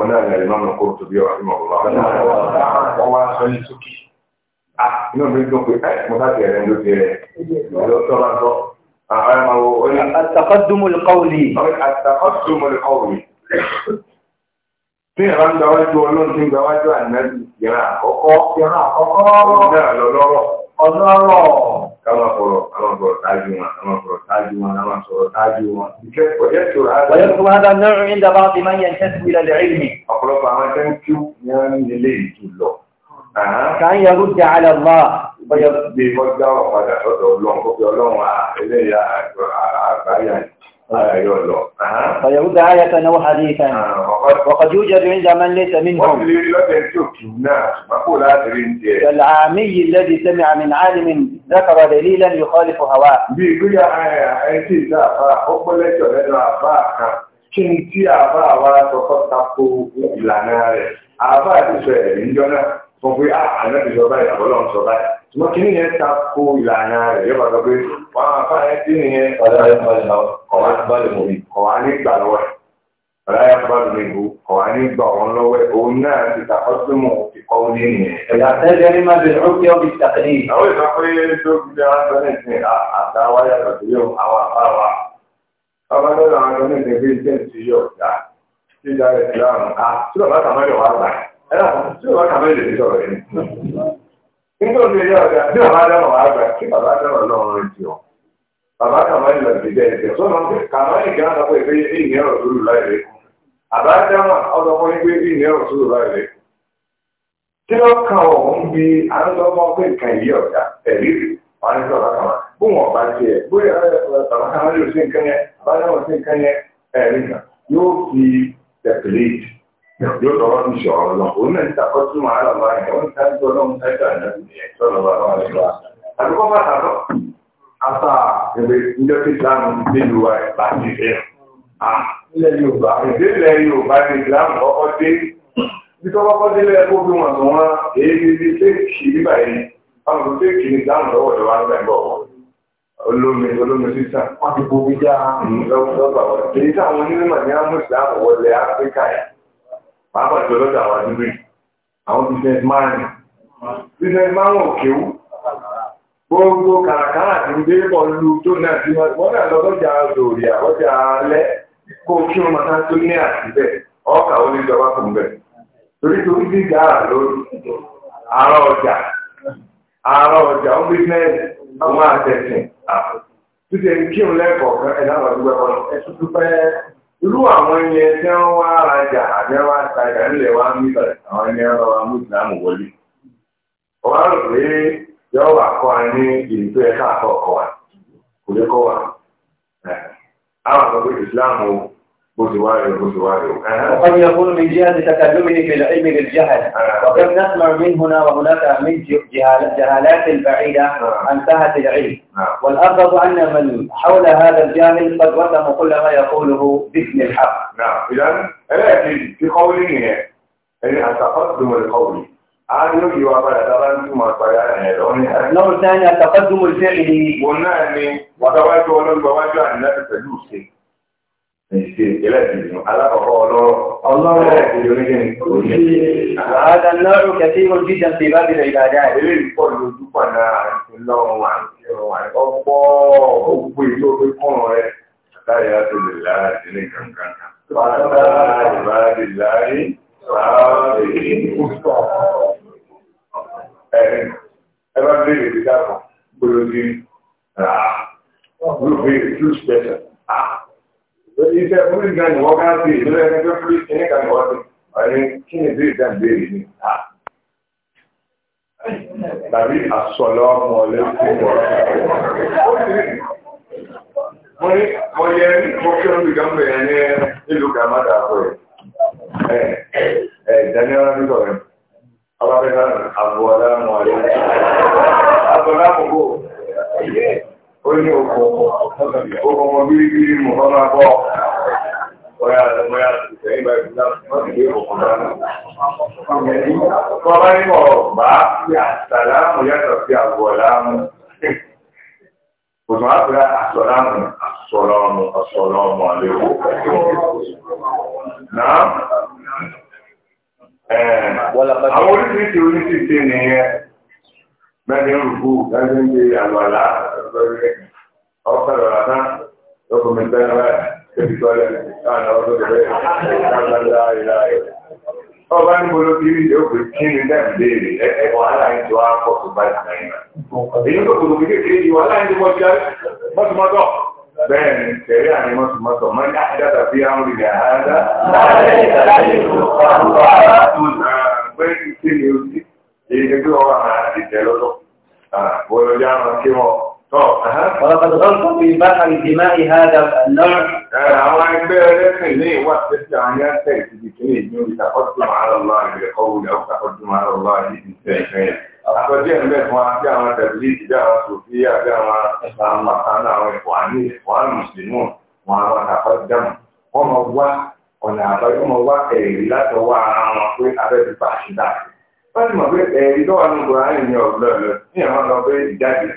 ọ̀nà ìlànà kóòtù bí ọ̀rọ̀ ìmọ̀ ọ̀rọ̀ wọ́n wá sọ ní sókè ah, inú mi dùn pé ẹ́ mo láti ẹ̀rẹ́ ló jẹ́ lọ sọ́ra sọ àwọn ọmọ wo ní. àtàkọ́dúnmù lùkọ́wùlì. àtàkọ́dúnmù lùkọ́wùlì. tí ìran káwọn sọ̀rọ̀ àwọn sọ̀rọ̀ tájú wọn àwọn sọ̀rọ̀ tájú wọn àwọn sọ̀rọ̀ tájú wọn. wọ́yẹ́kùn máa dáná rìn dábàá ti máa ń yẹn tẹ́sí ilẹ̀ lẹ́yìn mi. ọ̀pọ̀lọpọ̀ àwọn ẹgbẹ́ ń kí wọ́n ń lè jù lọ. kà ń yẹrù jẹ́ alẹ́ mọ́. bọ́yọ̀ bí wọ́n gbá ọ̀padà sọ́dọ̀ ọlọ́run فيرد آية أو حديثا وقد يوجد عند من ليس منهم كالعامي الذي سمع من عالم ذكر دليلا يخالف هواه kí ni tí àbá àwa sọ̀kọ́ tako ìlànà rẹ̀ àbá àti sọ ẹ̀rí ń jọ náà fún pé àná ti sọ báyìí àbọ́lọ́ ń sọ báyìí ṣùgbọ́n kí nìyẹn ta ko ìlànà rẹ̀ yóò bá sọ pé wọ́n á fà ẹ́ sí nìyẹn ọ̀dà ẹ̀ balẹ̀ lọ kọ̀wá balẹ̀ mọ̀ mi kọ̀wá ní gbà lọ́wọ́ ẹ̀ ọ̀dà ẹ̀ balẹ̀ mi bu kọ̀wá ní gbà wọn lọ́wọ́ ẹ̀ òun náà ti ta ọ́sùnmù ìkọ́ ní nìyẹn. ẹ̀yà tẹ́lẹ̀ ní má bẹ̀rẹ̀ ó kí ọ́ fi tàkìlì. àwọn ìgbà pé tó fi jẹ́ aṣọ nísìnyí àtàwọn yàtọ̀ sí yóò àwọn àbáwá. ọba lọ́dọ̀ àwọn ọmọ nísìnyí fi jẹ́ ti yóò dá sí ìdá rẹ̀ sí láàrún. àti tí bàbá kàmẹ́lẹ̀ wà nígbà tó yẹ ọ̀dà bí bàbá dáná wà gbà kí bàbá dáná lọ́wọ́ rẹ̀ jù ọ́ bàbá kàmá ìlú àgbèjẹ ẹ̀jẹ̀ sọ́nà kàmá ìgbà náà pé ìfẹ́ ìyìn ẹ̀rọ sùúrù láì rẹ̀ àbá dáná ọ̀dọ́ fún ìgbé ìyìn ẹ̀rọ sùúrù láì rẹ̀ kí ló ka ọ̀hún bí àńdọ́mọ́ pé nǹkan ìyí ọ̀dà ẹ̀rí wọn ní bàbá kàmá bó yóò lọ́wọ́ ní sọ̀rọ̀ lọ òun náà níta kọ́ sínú wàhálà bá yẹn wọ́n níta níta ọlọ́run táìtà ìdájọ́ yẹn sọ̀rọ̀ bá wà lọ́wọ́ àdúgbò bàtà lọ. ata ẹgbẹ́ ìjọ tí ìsìlámù nílùú wa ẹ̀ bá ti fẹ́ ilẹ̀ yorùbá ìdílẹ̀ yorùbá ti ìsìlámù kọ́kọ́ dé bí tó kọ́kọ́ délé ẹ̀kọ́ bí wọn tó wọn èyí ti fẹ́ẹ̀kì nígbà yìí wọn kò fẹ́ẹ̀kì ní ìsìlámù lọ́wọ́ ìjọba ń bẹ̀ bọ̀ olómi olómi sísà wọn ti bo bí já lọ́wọ́ lọ́wọ́ èyí táwọn onímọ̀ ní amú ìsìlámù wọlé áfíríkà yìí pàápàá ìjọ lọ́dọ̀ àwọn àdúgbò àwọn business man business man ò kéwú gbogbo kàràkàrà tí ń dé pọ̀ lu tó náà tí wọ́n náà lọ lọ́jà lòrì àwọ́jà alẹ́ kó kí wọn máa tó ní àtibẹ̀ ọkà ó kò ń bẹ̀ torí tó ń lórí ọjà ọjà ó business àpò kí wọn lẹ́kọ̀ọ́ ẹ̀dá fẹ́ẹ́. irú àwọn ẹyẹ tí nwa wá rajà àbí nlewa tajà ńlẹ̀ ń bíbẹ̀ àwọn ẹni wa mùsùlùmí wọlé. ọ̀wá rò pé yọ wà kọ́ ẹ ní ìlú wa kò lè وقد يكون من جهة تكلمه في العلم بالجهل آه. وقد نسمع من هنا وهناك من جهالات البعيدة آه. عن ساحة العلم آه. والأفضل أن من حول هذا الجاهل قد وسم كل ما يقوله باسم الحق نعم إذا لكن في قوله هنا أن التقدم القولي نوع ثاني التقدم الفعلي قلنا أني يعني، وتواجه ولم تواجه أن لا تتجوز ìṣe ìpínlẹ̀ ìdìbò alákọ̀ọ́kọ́ ọlọ́rọ̀. ọlọ́rọ̀ ìpínlẹ̀ onígbìn òní. àádá lọ́rù kẹsí ojú ìjọba ti bábí lọ ìdájá ẹ̀. eré ìpọ̀ lójú pọ̀nà àti lọ́rùn àti ọ̀rùn àti ọgbọ́ òkú ìlú orí kùn rẹ̀. àtàrí àti lè lára sí ní kankan. àtàrí bábí lárí bábí ìkúsọ̀. ẹ bá bèrè ìdíjà kan gbọ́dọ̀ ní rà á. olùfẹ́ ìlú special iṣẹ́ oníga ni wọ́n bá ń bèèrè lórí ẹni tó fi kíní kan wọ́n ti ọ̀rẹ́ kí ni bí ìdá ìbéèrè ni à. tàbí àsọlọ ọmọ lẹ́sìn wọ́n. mo ní mo yẹ mo kí ọ́n bí gánbẹ̀ yẹn ní ìlú gàmádà àpò ẹ̀ ẹ̀ daniel abidjan rẹ̀ ọba fẹ́ náà àbọ̀ ọ̀dà mọ̀ ọ̀rẹ́ àbọ̀ mọ̀ bò ó ní okòkò okòkò bíríbírí mọ̀ ọ́ máa bọ̀ ọ̀yà àlùmọ́yà tẹ̀yìn bá ìgbà láti gbé okòkò dáná. Tọ́ba ní mọ̀ bá sàlámù yàtọ̀ sí àgbọ̀lámù. Òtún àpè àsọ̀lámù àsọ̀lọ́mù àsọ̀lọ́mù àléwò. Náà àwọn oríṣiríṣi oríṣiríṣi nìyẹn. Bẹ́ẹ̀ni ń rúgbù, bẹ́ẹ̀ni ń gbé àlọ́lá sọ wípé ọkọ̀ lọ́la tán lókun mi gbẹ́nu rẹ̀ débi tọ́lẹ̀ láàrin ọdún tó bẹ̀rẹ̀ lágbàdá ìlà rẹ̀. ọba ní bolo kiri ìdè òkè kí ni dẹ́m léèrè ẹ wàhálà ń jọ àpọ̀ tó bá ìgbà yìí. èyí ń kókò lókè kékeré yìí wàhálà ń jọ mọ́tòmọ́tò bẹ́ẹ̀ ni tẹ̀lé àní mọ́tòmọ́tò máa ń dáadáa bí àwọn ìrìn àádá. láàrin ìdájí ìlú pàápàá. bẹ́ẹ̀ ولقد غلط في بحر دماء هذا النوع àwọn ẹgbẹ́ ẹlẹ́sìn ní ìwádìí tí àwọn yá ń tẹ̀ ìdíje kí ní ìdí orí takọ́tùmọ̀ àlọ́lá ìbẹ̀rẹ̀ kọ́wù ní àwọn takọ́tùmọ̀ àlọ́lá ìdí ìfẹ́ ìfẹ́ yẹn. àkọ́jú ẹ̀ mẹ́fẹ́ fún wa bí àwọn tẹ̀lé ìdí àwọn sòfí àbí àwọn àmàkánná àwọn ẹ̀kọ́ àní ẹ̀kọ́ àmì ìsìnmù wọn àwọn takọ́tùmọ̀ wọn mọ wá ọ̀nà àbáyọ mọ wá ẹ̀rí látọwọ́ ara wọn pé abẹ́bí pàṣẹ dáa. wọ́n ti mọ̀ pé ẹ̀rí lọ́wọ́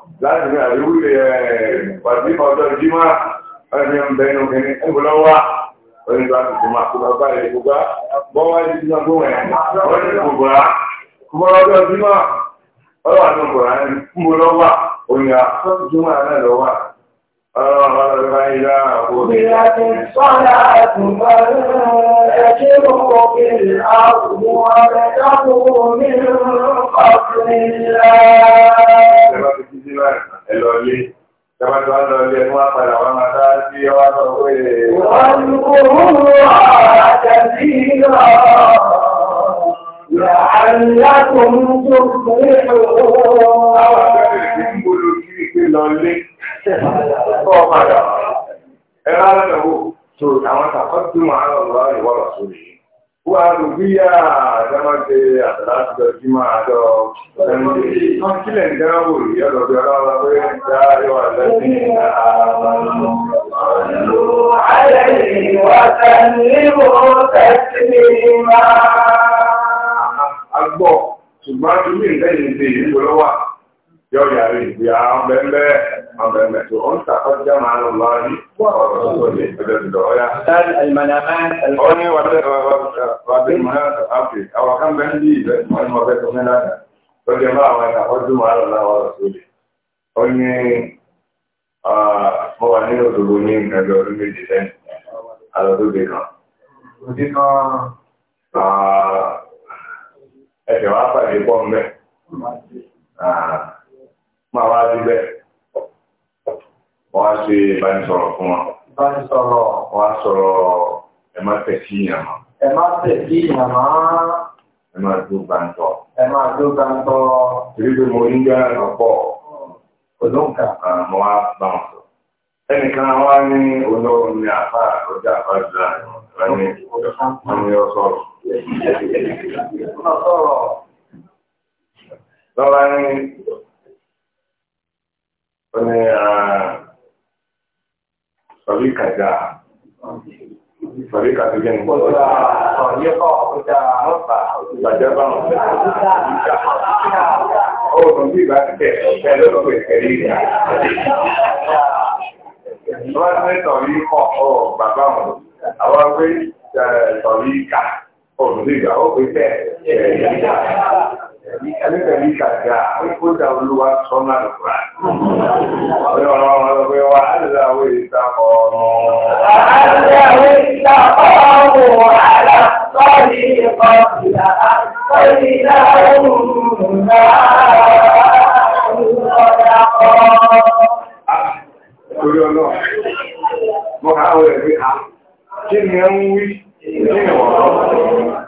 láti ní àríwú pàtí ọjọ́ jímá ẹni ń bẹ inú kìíní ẹgbẹ̀lọ́wà orí bá ti tìmá kó bàbá rẹ̀ gbogbo bọ́wá ti tìmá kó wẹ̀ wọ́n ti gbogbo rà kúmọ́ ọjọ́ jímá ọlọ́wà ní gbogbo rà ń gbogbo lọ́wà òyìnbá tó ti jímá náà lọ́wà. قضيت الصلاة فانتشروا في الأرض وابتغوا من فضل الله. Tẹ́bàtí wọ́n lọ ilé ẹnu wá padà wọ́n máa dá sí ọwá sọ pé. Wọ́n kò rúrò àjẹ́sí Àwọn akẹ́kẹ̀ẹ́ ti ń gbóló kí ọ padà ẹ̀rọ aládàáwò tó àwọn àwọn ọ̀rọ̀ lọ sórí wọ́n á lò bí yá àtàlásìlọ jí máa lọ ẹ̀ǹdè wọ́n kílẹ̀ ń dáná wò rí ọ̀dọ̀dọ̀ ọlọ́wọ́ pé ń dá yọ ní ṣùgbọ́n ilé ìlẹ́yìn yọ yàrá ìgbìyà المنامات أو كم بندي من وقت من هذا فجماعة وتقدم على الله ورسوله أني هو أني أدروني من دور ميدان على ذلك ذلك أجمع فريقهم به ما واجبه wọ́n á ṣe ìbánisọ̀rọ̀ fún wọn. ìbánisọ̀rọ̀. wọ́n á sọ̀rọ̀ ẹ má tẹ̀ sí ìyàmá. ẹ má tẹ̀ sí ìyàmá. ẹ má dó gbàǹtọ̀. ẹ má dó gbàǹtọ̀. torí pé mo ní gbára lọ pọ̀. olóńkà. àmọ́ wá bá wọn sọ. ẹnìkan wá ní olóhùn ní àfà ọjà àfà ìlà ìrọ̀lẹ́ ní ọ̀sọ̀rọ̀. lọ́wọ́ ní. ó ní طريقة جاء طريقة تجن طريقة فجبا أو تنبيه كلمة كريمة wọ́n ní tọ̀lí kọ̀ ọ́ bàbá wọn àwọn pé tọ̀lí ká òun sì gbà ó pé bẹ́ẹ̀ ẹlẹ́dẹ̀ẹ́lì kàgà ó dà olúwa sọ́nà lọ́kùnrà. ọ̀rẹ́ ọ̀rọ̀ ọ̀rọ̀ pé wà ìta ọ̀rọ̀. àti ìta ọ̀rọ̀ àlà sọ́ọ̀lì ẹ̀kọ́ ìlà sọ́ọ̀lì ìlà òun náà lọ́dà torí ọlọ́run mo káwọ́ ẹ̀ pé a kí ni ẹ ń wí ní ìwọ̀n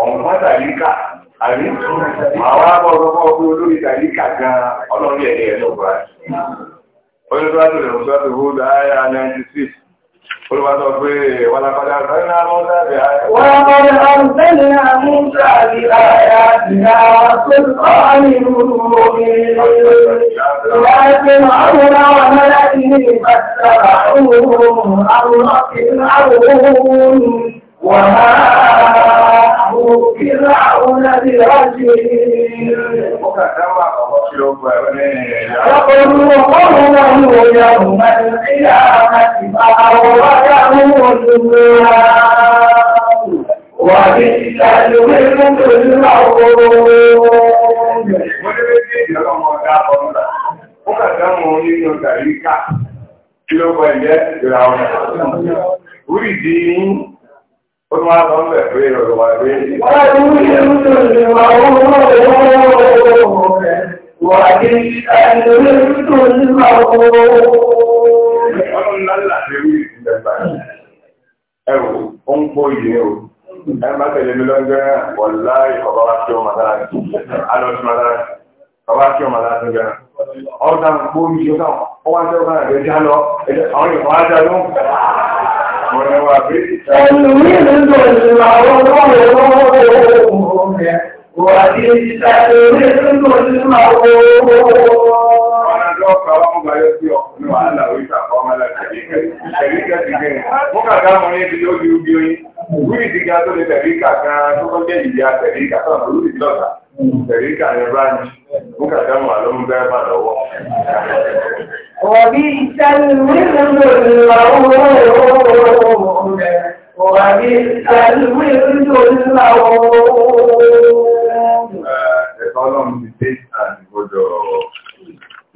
ọ̀nà tàlíkà àrí àwọn abọ́gbọ́gbọ́ ọgbọ́ olórí tàlíkà gan ọlọ́rí ẹ̀dẹ̀ ẹ̀lọ́gbà olùdó àti olùdó 96 وما أمر فرعون برجل يقول قومه يوم القيامة فأورده النار وبئس الورد المورود ó kàtà mọ̀ nínú tàríkà tí ó kọ̀ ẹ̀jẹ́ ìràwọ̀ orí ìdí yìí ó tún wá lọ ń bẹ̀ pé ìrọ̀lọ́ wà pé. wọ́n á ti wúlò nínú ìwà owó owó rẹ̀ wà ní ẹ̀rọ nínú ìwà owó. ọlọ́run ńlá ńlá ṣe wí ìdẹ́gbà ẹ wò ó ń pọ̀ yìí o ẹ má tẹ̀lé mi lọ́jọ́ náà wọ́n láì ọba wa tí ó máa dára sí alọ́ tí máa dára sí ọba tí ó máa dára sí gan ọ̀dà gbòmí yóò náà ọwọ́ àti ọba rẹ̀ jẹ́ lọ àwọn المؤمن المغروم وبئس الرزق المغروم lọ́ọ̀kà wọn mọ̀ báyọ̀ sí ọkùnrin wàhálà orí ìtàkọ́ ọmọ aláṣẹ tẹ̀lé kẹ́sì gẹ̀ẹ́ mú kàkà mọ̀ ní ibi ó di ubi oyin wíì ti ga tó lè tẹ̀lé kàkà tó kọ́ jẹ́ ìyá tẹ̀lé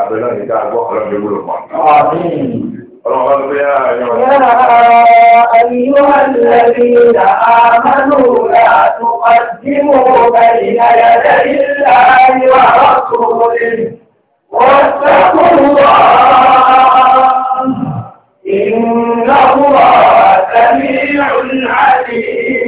àbẹ̀ náà nígbà gbọ́ ọlọ́run wúlò mọ́. ọlọ́run bá gbé ààyàn rẹ̀. Àyíwá lẹ́bí ìlà àmánú àtúnpá tí mo bẹ̀ ìyàyà ilẹ̀ àyíwá ọkùnrin. Wọ́n sẹ́kùn wá. Ìnáwó àtẹ̀mí ìrìn àdìyí.